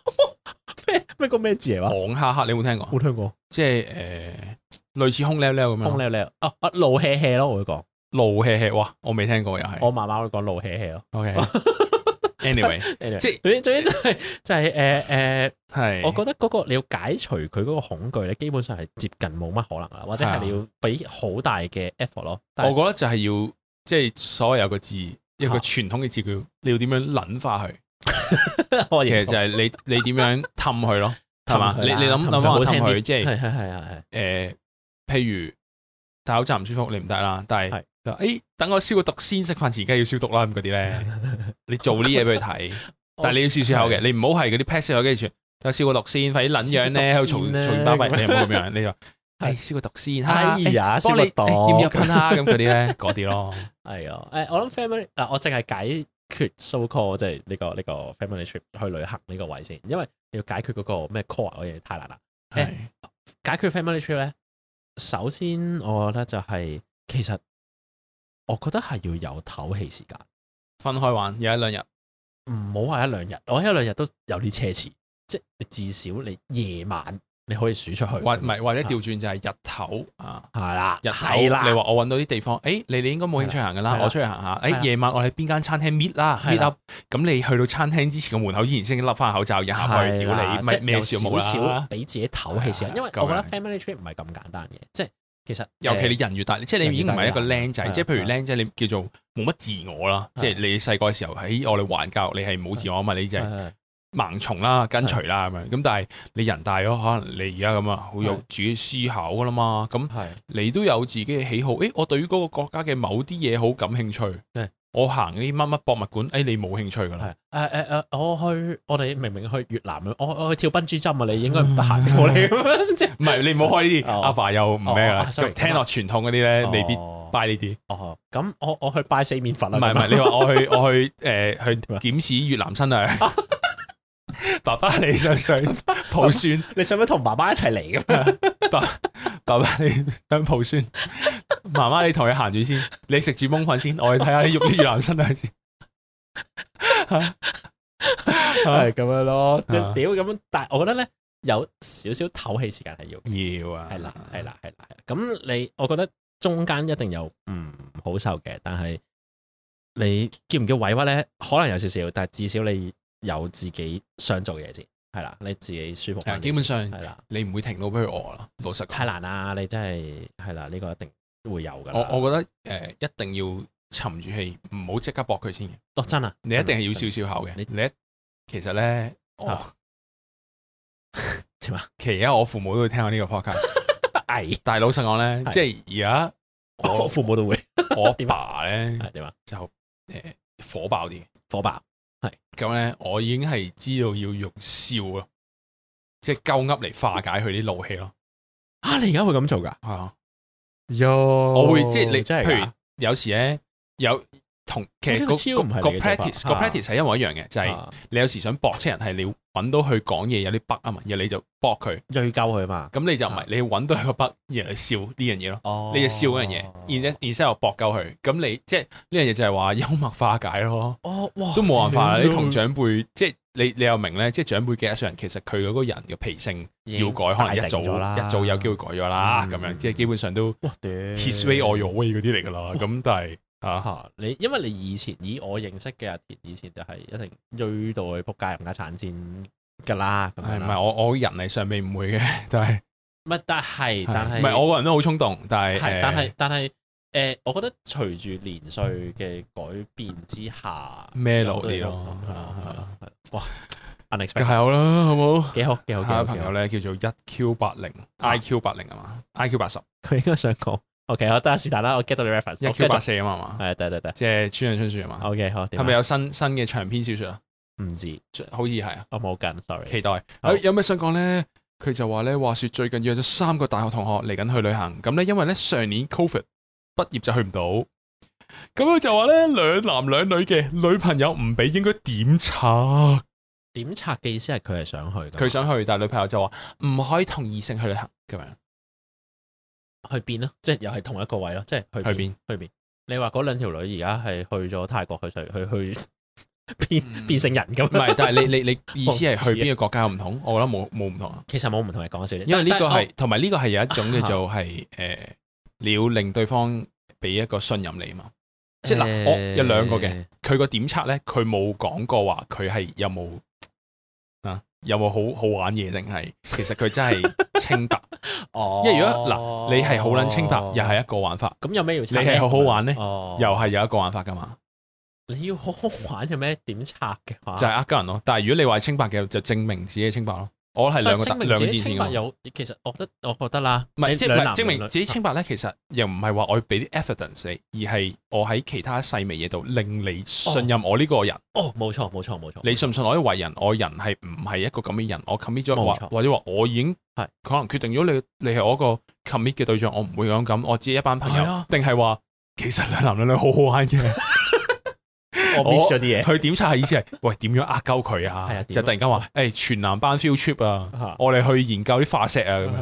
咩咩個咩字嚟話？昂哈哈，你有冇聽過？冇聽過。即係誒、呃，類似空咧咧咁樣。空咧咧、哦，啊啊，怒氣氣咯，我會講。怒氣氣，哇，我未聽過又係。我媽媽會講怒氣氣咯。Okay，anyway， anyway, 即係最最最就係、是、就係誒誒，係、呃呃。我覺得嗰個你要解除佢嗰個恐懼咧，基本上係接近冇乜可能啦，或者係你要俾好大嘅 effort 咯。我覺得就係要。即係所謂有個字，一個傳統嘅字叫，你要點樣撚化佢？ 其實就係你你點樣氹佢咯，係 嘛？你你諗諗下氹佢，即係啊、呃、譬如戴口罩唔舒服，你唔得啦。但係誒、欸，等我消個毒先食飯前，梗係要消毒啦咁嗰啲咧，些呢 你做啲嘢俾佢睇， 但你要笑笑口嘅，你唔好係嗰啲 pat 笑口跟住有消毒先，費事撚樣咧去嘈嘈交閉你咁樣你話。係、哎，消個毒先。啊、哎呀，幫你，哎、要唔要噴啊？咁嗰啲咧，嗰啲咯。係啊，誒，我諗 family 嗱，我淨係解決 so call 即係、這、呢個呢、這個 family trip 去旅行呢個位先，因為要解決嗰個咩 call 嘅嘢太難啦。係、哎，解決 family trip 咧，首先我覺得就係、是，其實我覺得係要有透氣時間，分開玩有一兩日，唔好話一兩日，我一兩日都有啲奢侈，即係至少你夜晚。你可以數出去，或唔係或者調轉就係日頭啊，係啦，日頭你話我揾到啲地方，誒、哎，你哋應該冇興趣行㗎啦，我出去行下，誒，夜、哎、晚我喺邊間餐廳 meet 啦 meet，咁你去到餐廳之前個門口依然先甩翻口罩入去屌你，唔係咩事冇俾、就是、自己唞氣先，因為我覺得 family tree 唔係咁簡單嘅，即係其實尤其你人越大，呃、即係你已經唔係一個靚仔，即係譬如靚仔你叫做冇乜自我啦，即係你細個嘅時候喺我哋環教，你係冇自我啊嘛，你就係、是。盲從啦，跟隨啦咁樣，咁但係你人大咗，可能你而家咁啊，好有自己思考啦嘛。咁你都有自己嘅喜好，誒、欸，我對於嗰個國家嘅某啲嘢好感興趣，我行啲乜乜博物館，誒、欸，你冇興趣噶啦。誒誒誒，我去，我哋明明去越南，我我去跳笨豬跳啊，你應該唔行過咁，即係唔係你唔好開呢啲、哦，阿爸又唔咩噶啦，哦哦啊、sorry，聽落傳統嗰啲咧，未必拜呢啲。咁、哦哦、我我去拜四面佛啦。唔係唔係， 你話我去我去誒、呃、 去檢視越南新娘。 爸爸，你想抱爸爸，抱你想想抱孫？你想唔想同爸爸一齊嚟，咁啊？爸爸你想抱孫？媽 媽， 你同佢行住先。你食住蒙混先，我哋睇下你肉啲越南新娘先。係 咁 樣咯，即係屌咁樣。但係我覺得咧，有少少唞氣時間係要，要啊，係啦，係啦，係啦。咁你，我覺得中間一定有唔好受嘅，但係你叫唔叫委屈咧？可能有少少，但係至少你。有自己想做嘅嘢先，係啦，你自己舒服翻。基本上係啦，你唔會停到俾佢餓咯。老實講，太難啊！你真係係啦，呢、這個一定會有噶。我我覺得誒、呃，一定要沉住氣，唔好即刻駁佢先。哦，真啊！你一定係要笑笑口嘅。你你其實咧，點、哦、 啊？其實我父母都會聽我呢個 podcast。 哎，但係老實講咧，即係而家我父母都會。 我爸咧爸，點 啊？就誒、呃、火爆啲，火爆。係咁咧，我已經係知道要用笑咯，即係夠噏嚟化解佢啲怒氣咯。啊，你而家會咁做噶？係啊吧，喲，Yo, 我會即係你，真係譬如有時咧有。同其實個個 practice 個 practice 係一模一樣嘅，啊，就係、是、你有時想搏柒人係你揾到佢講嘢有啲 bug 啊嘛，然後你就搏佢，鋭鳩佢嘛，咁你就唔係、啊、你揾到佢個 bug，然後笑呢樣嘢咯，你就笑嗰樣嘢，然之後然之後搏鳩佢，咁你即係呢樣嘢就係、是、話幽默化解咯。哦、都冇辦法，你同長輩即係你你又明咧，即係長輩嘅一歲人其實佢嗰個人嘅脾性要改，可能一早一早有機會改咗啦，咁、嗯、樣即係基本上都 his way or your way 嗰啲嚟㗎啦，咁但係。啊、uh、哈 -huh.！你因為你以前以我認識嘅阿杰，以前就係一定追到去撲街，人家鏟線㗎啦。唔係我我人係上面唔會嘅，但係唔係但係唔係我個人都好衝動，但係但係、呃、但係誒、呃，我覺得隨住年歲嘅改變之下，咩落啲咯。係、啊、啦，哇，Alex，係好啦，好唔好？幾好，幾好嘅朋友咧，叫做一 Q 八零，IQ 八零啊嘛，IQ 八十，佢應該想講。O K，好得，是但啦，我 get 到你 reference，1Q84 啊嘛，係，得得得，即係村上春樹啊嘛。O K，好，係咪有新新嘅長篇小說啊？唔知，好似係啊，我冇跟，sorry。期待，好有咩想講咧？佢就話咧，話說最近約咗三個大學同學嚟緊去旅行，咁咧因為咧上年 Covid 畢業就去唔到，咁佢就話咧兩男兩女嘅女朋友唔俾，應該點拆？點拆嘅意思係佢係想去，佢想去，但係女朋友就話唔可以同異性去旅行咁樣。去邊咯？即係又係同一個位咯。即係去邊去邊？去邊？你話嗰兩條女而家係去咗泰國去去去變變、嗯、變成人咁啊？ 唔係，但係你你你 意思係去邊個國家唔同？ 我覺得冇冇唔同啊。其實冇唔同你講笑，因為呢個係同埋呢個係有一種嘅就係、是啊呃、你要令對方俾一個信任你啊嘛。即、欸、嗱，我、就是呃、有兩個嘅佢個點測咧，佢冇講過話佢係有冇啊？有冇好好玩嘢定係其實佢真係？ 清白，因為如果嗱、哦、你係好捻清白，哦、又係一個玩法，咁有咩要？你係好好玩咧、哦，又係有一個玩法噶嘛？你要好好玩有咩點拆嘅話，就係、是、呃家人咯。但係如果你話清白嘅，就證明自己清白咯。我係兩個，證明自己清白有，其實我覺得，我覺得啦，唔係即係證明自己清白咧、嗯，其實又唔係話我要俾啲 evidence 你，而係我喺其他細微嘢度令你信任我呢個人。哦，哦，冇錯，冇錯，冇錯。你信唔信我啲為人？我人係唔係一個咁嘅人？我 commit 咗話，或者話我已經係可能決定咗你，你係我一個 commit 嘅對象，我唔會咁咁。我只係一班朋友，定係話其實兩男兩女好好玩嘅。 我 miss 咗啲嘢，佢點測係意思係，喂點樣壓鳩佢啊，啊？就突然間話，誒、欸、全男班 field trip 啊，啊我哋去研究啲化石啊咁、啊、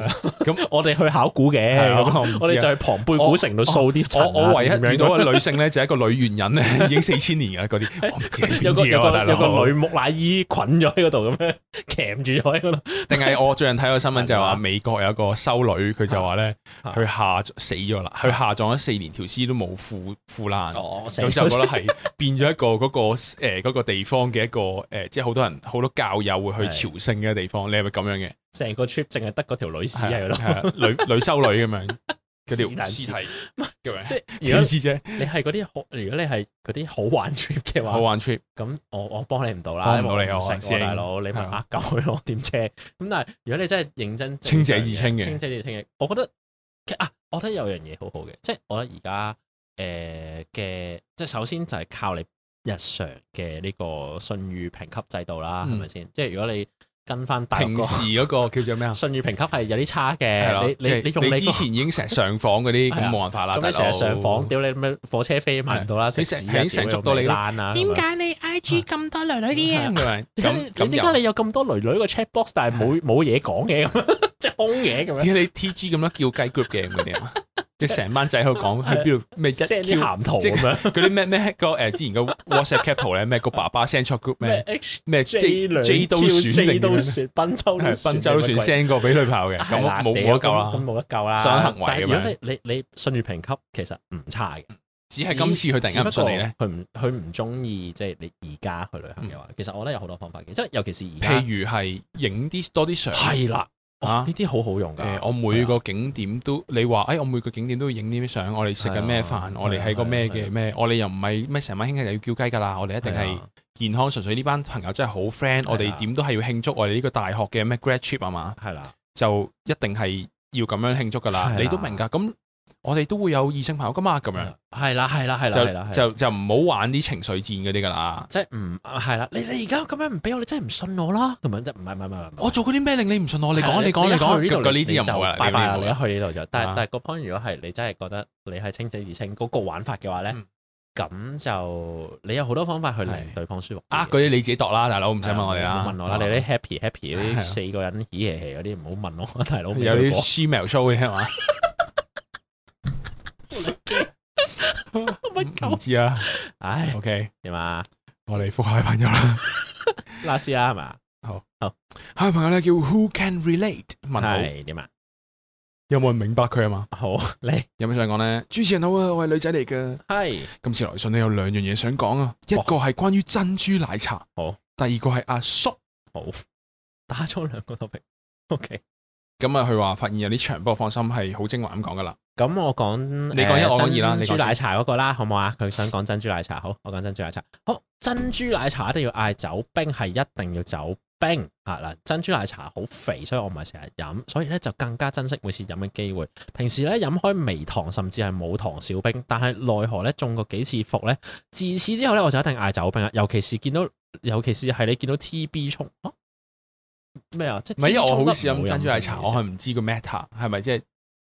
樣，咁、啊、我哋去考古嘅、啊，我哋就去龐貝古城度掃啲、啊，我我，我唯一遇到嘅女性咧，就係一個女猿人咧， 已經四千年嘅嗰啲，有個有個，有個女木乃伊捆咗喺嗰度咁樣，住咗喺嗰度，定係我最近睇個新聞就係話美國有一個修女佢 就話咧，佢下死咗啦，佢下葬咗四年條屍都冇腐腐爛，咁、哦、就覺得係變咗個嗰個誒嗰個地方嘅一個誒，即係好多人好多教友會去朝聖嘅地方，你係咪咁樣嘅？成個 trip 淨係得嗰條女屍係咯，女女修女咁樣嗰條屍係，即係點知啫？你係嗰啲好，如果你係嗰啲好玩 trip 嘅話，好玩 trip，咁我我幫你唔到啦，幫唔到你啊，大佬，你咪呃狗咯，點啫？咁但係如果你真係認真，清者自清嘅，清者自清嘅，我覺得其實啊，我覺得有樣嘢好好嘅，即係我覺得而家誒嘅，即係首先就係靠你。日常嘅呢個信譽評級制度啦，係咪先？即係如果你跟翻大平時嗰個叫做咩啊？信譽評級係有啲差嘅。你你你、就是、你之前已經成日上訪嗰啲，冇 辦法啦。咁你成日上訪，屌你咩火車飛買唔到啦。你成日成逐到你爛啊！點解你 I G 咁多女女啲嘢？咁咁點解你有咁多女女個 chat box，但係冇冇嘢講嘅咁，即係空嘢咁樣。點解你 T G 咁樣叫雞 group 嘅咁樣？即成班仔喺度講喺邊度咩一啲鹹圖，即係嗰啲咩咩個誒之前個 WhatsApp cap 圖咧，咩個爸爸 send 錯 group 咩咩 J J, Q, J 都選定，J 都選濱州係，賓州都選 send 過俾女朋友嘅，咁冇冇得救啦，咁冇得救啦，上行為咁樣。你你,你信譽評級其實唔差嘅，只係今次佢突然間出嚟咧，佢唔佢唔中意即係你而家去旅行嘅話、嗯，其實我覺得有好多方法嘅，即係尤其是而家譬如係影啲多啲相係啦。哦、這些啊！呢啲好好用嘅。我每個景點都，啊、你話誒、哎，我每個景點都會影啲相。我哋食緊咩飯？我哋喺個咩嘅咩？我哋、啊啊、又唔係咩成晚興起又要叫雞噶啦。我哋一定係健康純粹，純粹呢班朋友真係好 friend，啊。我哋點都係要慶祝我哋呢個大學嘅咩 grad trip 啊嘛。係啦，啊，就一定係要咁樣慶祝噶啦，啊。你都明噶咁。我哋都會有異性朋友噶嘛，咁樣。係啦，係啦，係啦，係啦，就就唔好玩啲情緒戰嗰啲噶啦。即係唔係啦？你你而家咁樣唔俾我，你真係唔信我啦，咁樣即係唔係唔係唔係。我做過啲咩令你唔信我？你講，你講，你講。呢啲就，就，就拜拜你一去呢度就。但係、啊、但係個 point 如果係你真係覺得你係清者自清嗰、嗰個玩法嘅話咧，咁、嗯、就你有好多方法去令對，對方舒服。啊，嗰啲你自己度啦，大佬唔使問我哋啦，問我啦。你啲 happy happy 嗰、啊、啲四個人嘻嘻嘻嗰啲唔好問我，大佬 有啲 show 嘅係嘛？乜鳩字啊！唉，OK 點啊？我哋覆下啲朋友啦。 拉斯啊嘛，好，好，下位朋友咧叫 Who Can Relate 問好，點啊？有冇人明白佢啊嘛？好，你，有咩想講咧？主持人好啊，我係女仔嚟嘅。係今次來信兩、啊，呢有兩樣嘢想講啊，一個係關於珍珠奶茶，好；第二個係阿叔，好。打咗兩個 topic，OK。咁、okay、啊，佢話發現有啲長波，放心係好精華咁講噶啦。咁我講，你講一我二啦，珍珠奶茶嗰、那個啦，好唔好啊？佢想講珍珠奶茶，好，我講珍珠奶茶。好，珍珠奶茶一定要嗌走冰，係一定要走冰啊！嗱，珍珠奶茶好肥，所以我唔係成日飲，所以咧就更加珍惜每次飲嘅機會。平時咧飲開微糖，甚至係冇糖少冰，但係奈何咧中過幾次伏咧，自此之後咧我就一定嗌走冰啦。尤其是見到，尤其是係你見到 TB 衝，咩啊，啊？唔係因為我好少飲珍珠奶茶，我係唔知個 meta 係咪即係。是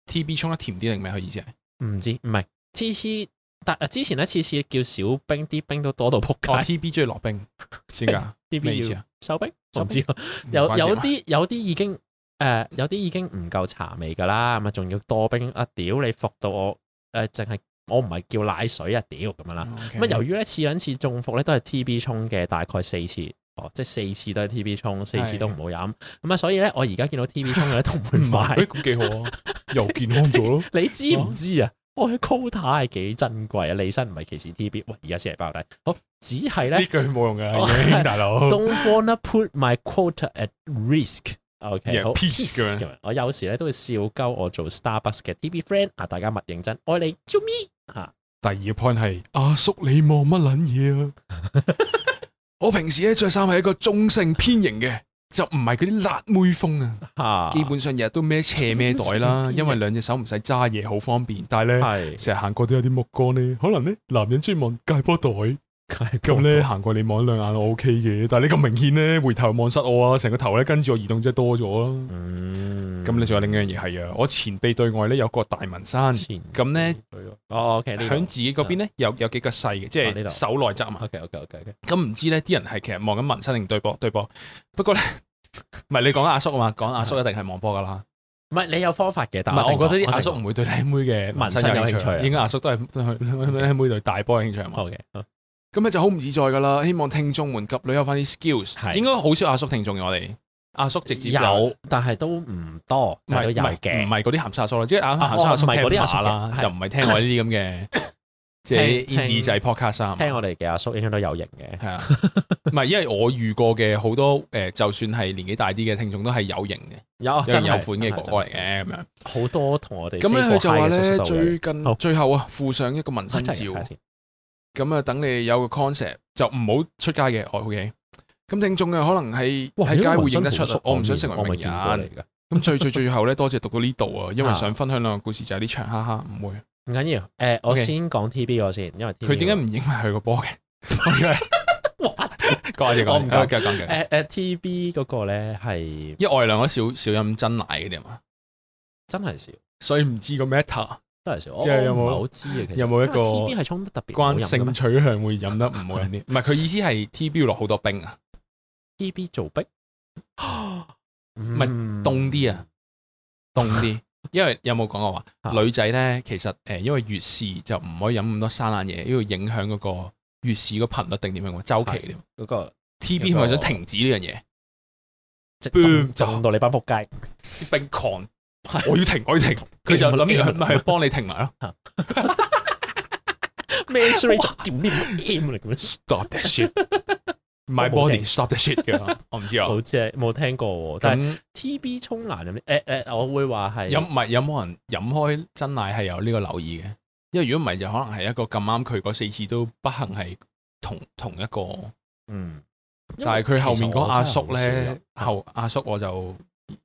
T B 充得甜啲定咩？佢、嗯、意思係唔知，唔係次次但、啊、之前咧次次叫小冰，啲冰都多到撲街。T B 中意落冰，真 噶？咩事啊？收冰？我唔知乖乖有有啲有啲已經誒、呃，有啲已經唔夠茶味噶啦，咁啊仲要多冰？啊？屌你服到我誒，淨、呃、係我唔係叫奶水啊屌咁樣啦。咁啊，由於咧次兩次中伏咧都係 T B 充嘅，大概四次。哦，即係四次都係 T B 沖，四次都唔好飲。咁啊、嗯，所以咧，我而家見到 T B 沖嘅 都唔會買，咁幾好啊， 又健康咗。你知唔知啊？我、哦、喺 quota 係幾珍貴啊？李生唔係歧視 T B，喂，而家先係爆底。好，只係咧呢句冇用嘅，大佬。Don't wanna put my quota at risk。 OK，好 peace 咁。我有時咧都會笑鳩我做 Starbucks 嘅 T B friend 啊，大家勿認真。愛你啾咪。吓，第二 point 係阿叔，你望乜撚嘢啊？ 我平時咧着衫係一個中性偏型嘅， 就唔係嗰啲辣妹風啊。 基本上日日都孭斜孭袋啦，因為兩隻手唔使揸嘢好方便。但係咧，成日行過都有啲目光咧，可能咧男人專望界波袋。咁咧行過你望一兩眼我 OK 嘅，但係你咁明顯咧回頭望失我啊，成個頭咧跟住我移動真係多咗啦。咁、嗯、你仲有另一,一樣嘢係啊，我前臂對外咧有個大紋身。咁咧哦 o、okay，喺自己嗰邊咧有有幾個細嘅，即係手內側紋咁，唔知呢啲人係其實望緊紋身定對波對波？不過咧唔係你講阿叔啊嘛，講阿叔一定係望波噶啦。唔、啊、係你有方法嘅，但係我，我覺得啲阿叔唔會對靚妹嘅紋身有興趣，應該阿叔都係靚妹對大波有興趣嘛、啊？咁咧就好唔自在噶啦，希望聽眾們及旅有翻啲 skills，應該好少阿叔聽眾嘅我哋，阿叔直接有，啊啊啊、但係都唔多，唔係唔係嗰啲咸沙叔啦，即係啱啱咸沙叔嘅話啦，就唔係聽， 聽，聽，聽，聽我呢啲咁嘅，即係 indie 仔 podcast，聽我哋嘅阿叔應該都有型嘅，係啊，唔 係因為我遇過嘅好多誒，就算係年紀大啲嘅聽眾都係有型嘅，有，有真有，有款嘅哥哥嚟嘅咁樣，好、就是、多同我哋咁你就話咧，最近最後啊，附上一個紋身照。咁啊，等你有個 concept 就唔好出街嘅、哦，OK。咁聽眾嘅可能係喺街會影得出，我唔想成為名人嚟嘅。咁最最最後咧，多謝讀到呢度啊， 因為想分享兩個故事就係呢場、啊，哈哈，唔會，唔緊要。誒、呃，我先講 TB 個先，因為佢點解唔認為佢個波嘅？ 什麼 我唔該、啊，繼續講。誒誒，TB 嗰個咧係，因為我哋兩個少少飲真奶嗰啲啊嘛，真係少，所以唔知個 matter。即係有冇、哦？有冇一個？T B 係沖得特別，關性沒取向會飲得唔好啲？唔係佢意思係 T B 要落好多冰啊！T B 做冰，唔係凍啲啊，凍、嗯、啲。 因為有冇講過話， 女仔咧，其實誒、呃，因為月事就唔可以飲咁多生冷嘢，因為影響嗰個月事嗰頻率定點樣，周期。嗰、那個 T B 係咪想停止呢樣嘢？boom，凍到你班仆街，啲冰狂！ 我要停，我要停，佢就諗住係係幫你停埋咯 你、 啊。咩操作？屌你媽閪，你咁樣，stop that shit，my body stop that shit 嘅，我唔知啊，好似冇聽過。但係 T B 沖涼有咩？誒、嗯、誒、欸欸，我會話係有唔係飲，有，有冇人飲開真奶係有呢個留意嘅，因為如果唔係就可能係一個咁啱佢嗰四次都不幸係同同一個，嗯，但係佢後面嗰阿叔咧、嗯，後阿叔我就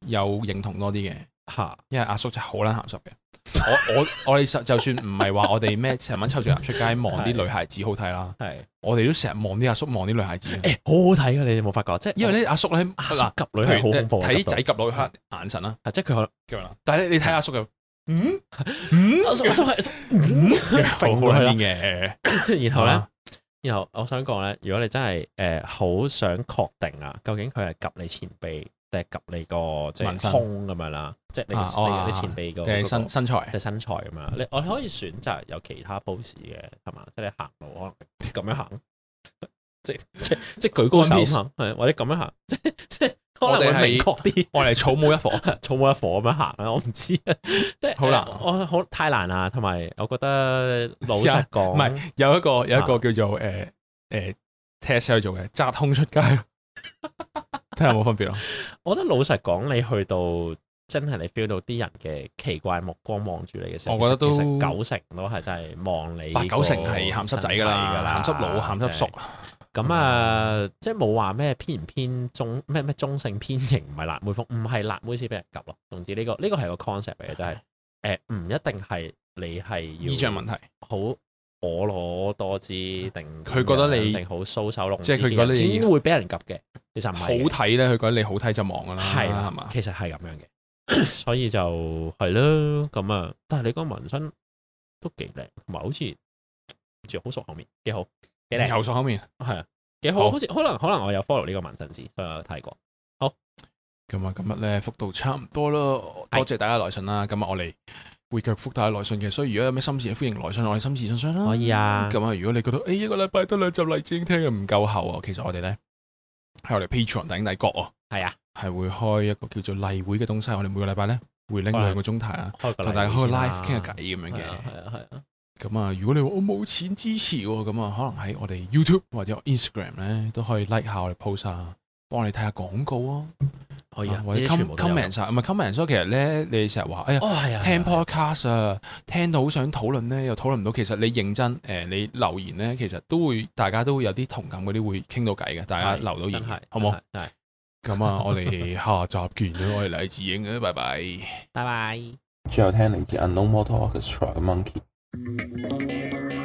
有認同多啲嘅。嚇！因為阿叔就好撚鹹濕嘅，我我我哋就算唔係話我哋咩成晚揾住男出街望啲女孩子好睇啦，係 我哋都成日望啲阿叔望啲女孩子。欸、好好睇嘅，你有冇發覺？即、就、係、是、因為呢阿叔咧，急女係好恐怖睇仔急女黑眼神啦，即係佢可。能。但係你睇阿叔又嗯？阿叔一看看阿叔係，飛過去啦。嗯、 然後咧，啊、然後我想講咧，如果你真係誒、呃、好想確定啊，究竟佢係及你前臂，定係夾你個即係胸咁樣啦，即、就、係、是、你啲、啊、前臂、那個身、啊、身材，即係身材咁啊！你我你可以選擇有其他 pose 嘅係嘛？即係你行路可能咁樣行，即即即舉高手，係或者咁樣行，即即可能會明確啲。我哋草木一火，草木一火咁樣行啊！我唔知，即係好難，呃、我好太難啦。同埋我覺得老實講，唔係有一個有一個叫做誒誒 test 去做嘅，紮、啊、胸、呃呃、出街。 睇下有冇分別咯， 我覺得老實講，你去到真係你 feel 到啲人嘅奇怪目光望住你嘅時候，我覺得其實九成都係真係望你，九成係鹹濕仔噶啦，鹹濕佬、鹹濕叔，咁、就是、啊， 即係冇話咩偏唔偏中咩咩中性偏型唔係辣妹風，唔係辣妹先俾人夾咯。總之呢個呢個係個 concept 嚟嘅，就係誒唔一定係你係要異象問題好。我攞多支定佢覺得你定好搔首弄，即係佢覺得你會俾人 𥄫 嘅，其實唔係好睇咧。佢覺得你好睇就望啦，係啦，係嘛？其實係咁樣嘅， 所以就係咯咁啊。但係你個紋身都幾靚，同埋好似好似好熟口面，幾好幾靚，好熟口面係啊，幾、哦、好好似可能可能我有 follow 呢個紋身師，所以有睇過好。咁啊，今日咧幅度差唔多咯，多謝大家來信啦。咁啊，我哋。會寄覆大內信嘅，所以如果有咩心事歡迎來信我哋心事信箱啦。可以啊。咁啊，如果你覺得誒、哎、一個禮拜得兩集例子聽啊唔夠喉啊，其實我哋咧喺我哋 Patreon 大鷹帝國哦。係啊，係會開一個叫做例會嘅東西。我哋每個禮拜咧會拎兩個鐘頭啊，同大家開個 live 傾下偈咁樣嘅。係啊係啊。咁啊，啊啊如果你話我冇錢支持喎，咁啊可能喺我哋 YouTube 或者我 Instagram 咧都可以 like 下我哋 post 啊，幫我哋睇下廣告啊。可以啊，或、啊、者 comment 曬，唔係 comment，其實咧，你成日話，哎呀、哦，聽 podcast 啊，聽到好想討論咧，又討論唔到，其實你認真，誒、呃，你留言咧，其實都會，大家都會有啲同感嗰啲，會傾到偈嘅，大家留到言，好唔好？係，咁啊，我哋下集見咗 我哋嚟自英啊，拜拜，拜拜，最後聽嚟自 Unknown Mortal Orchestra 嘅 Monki。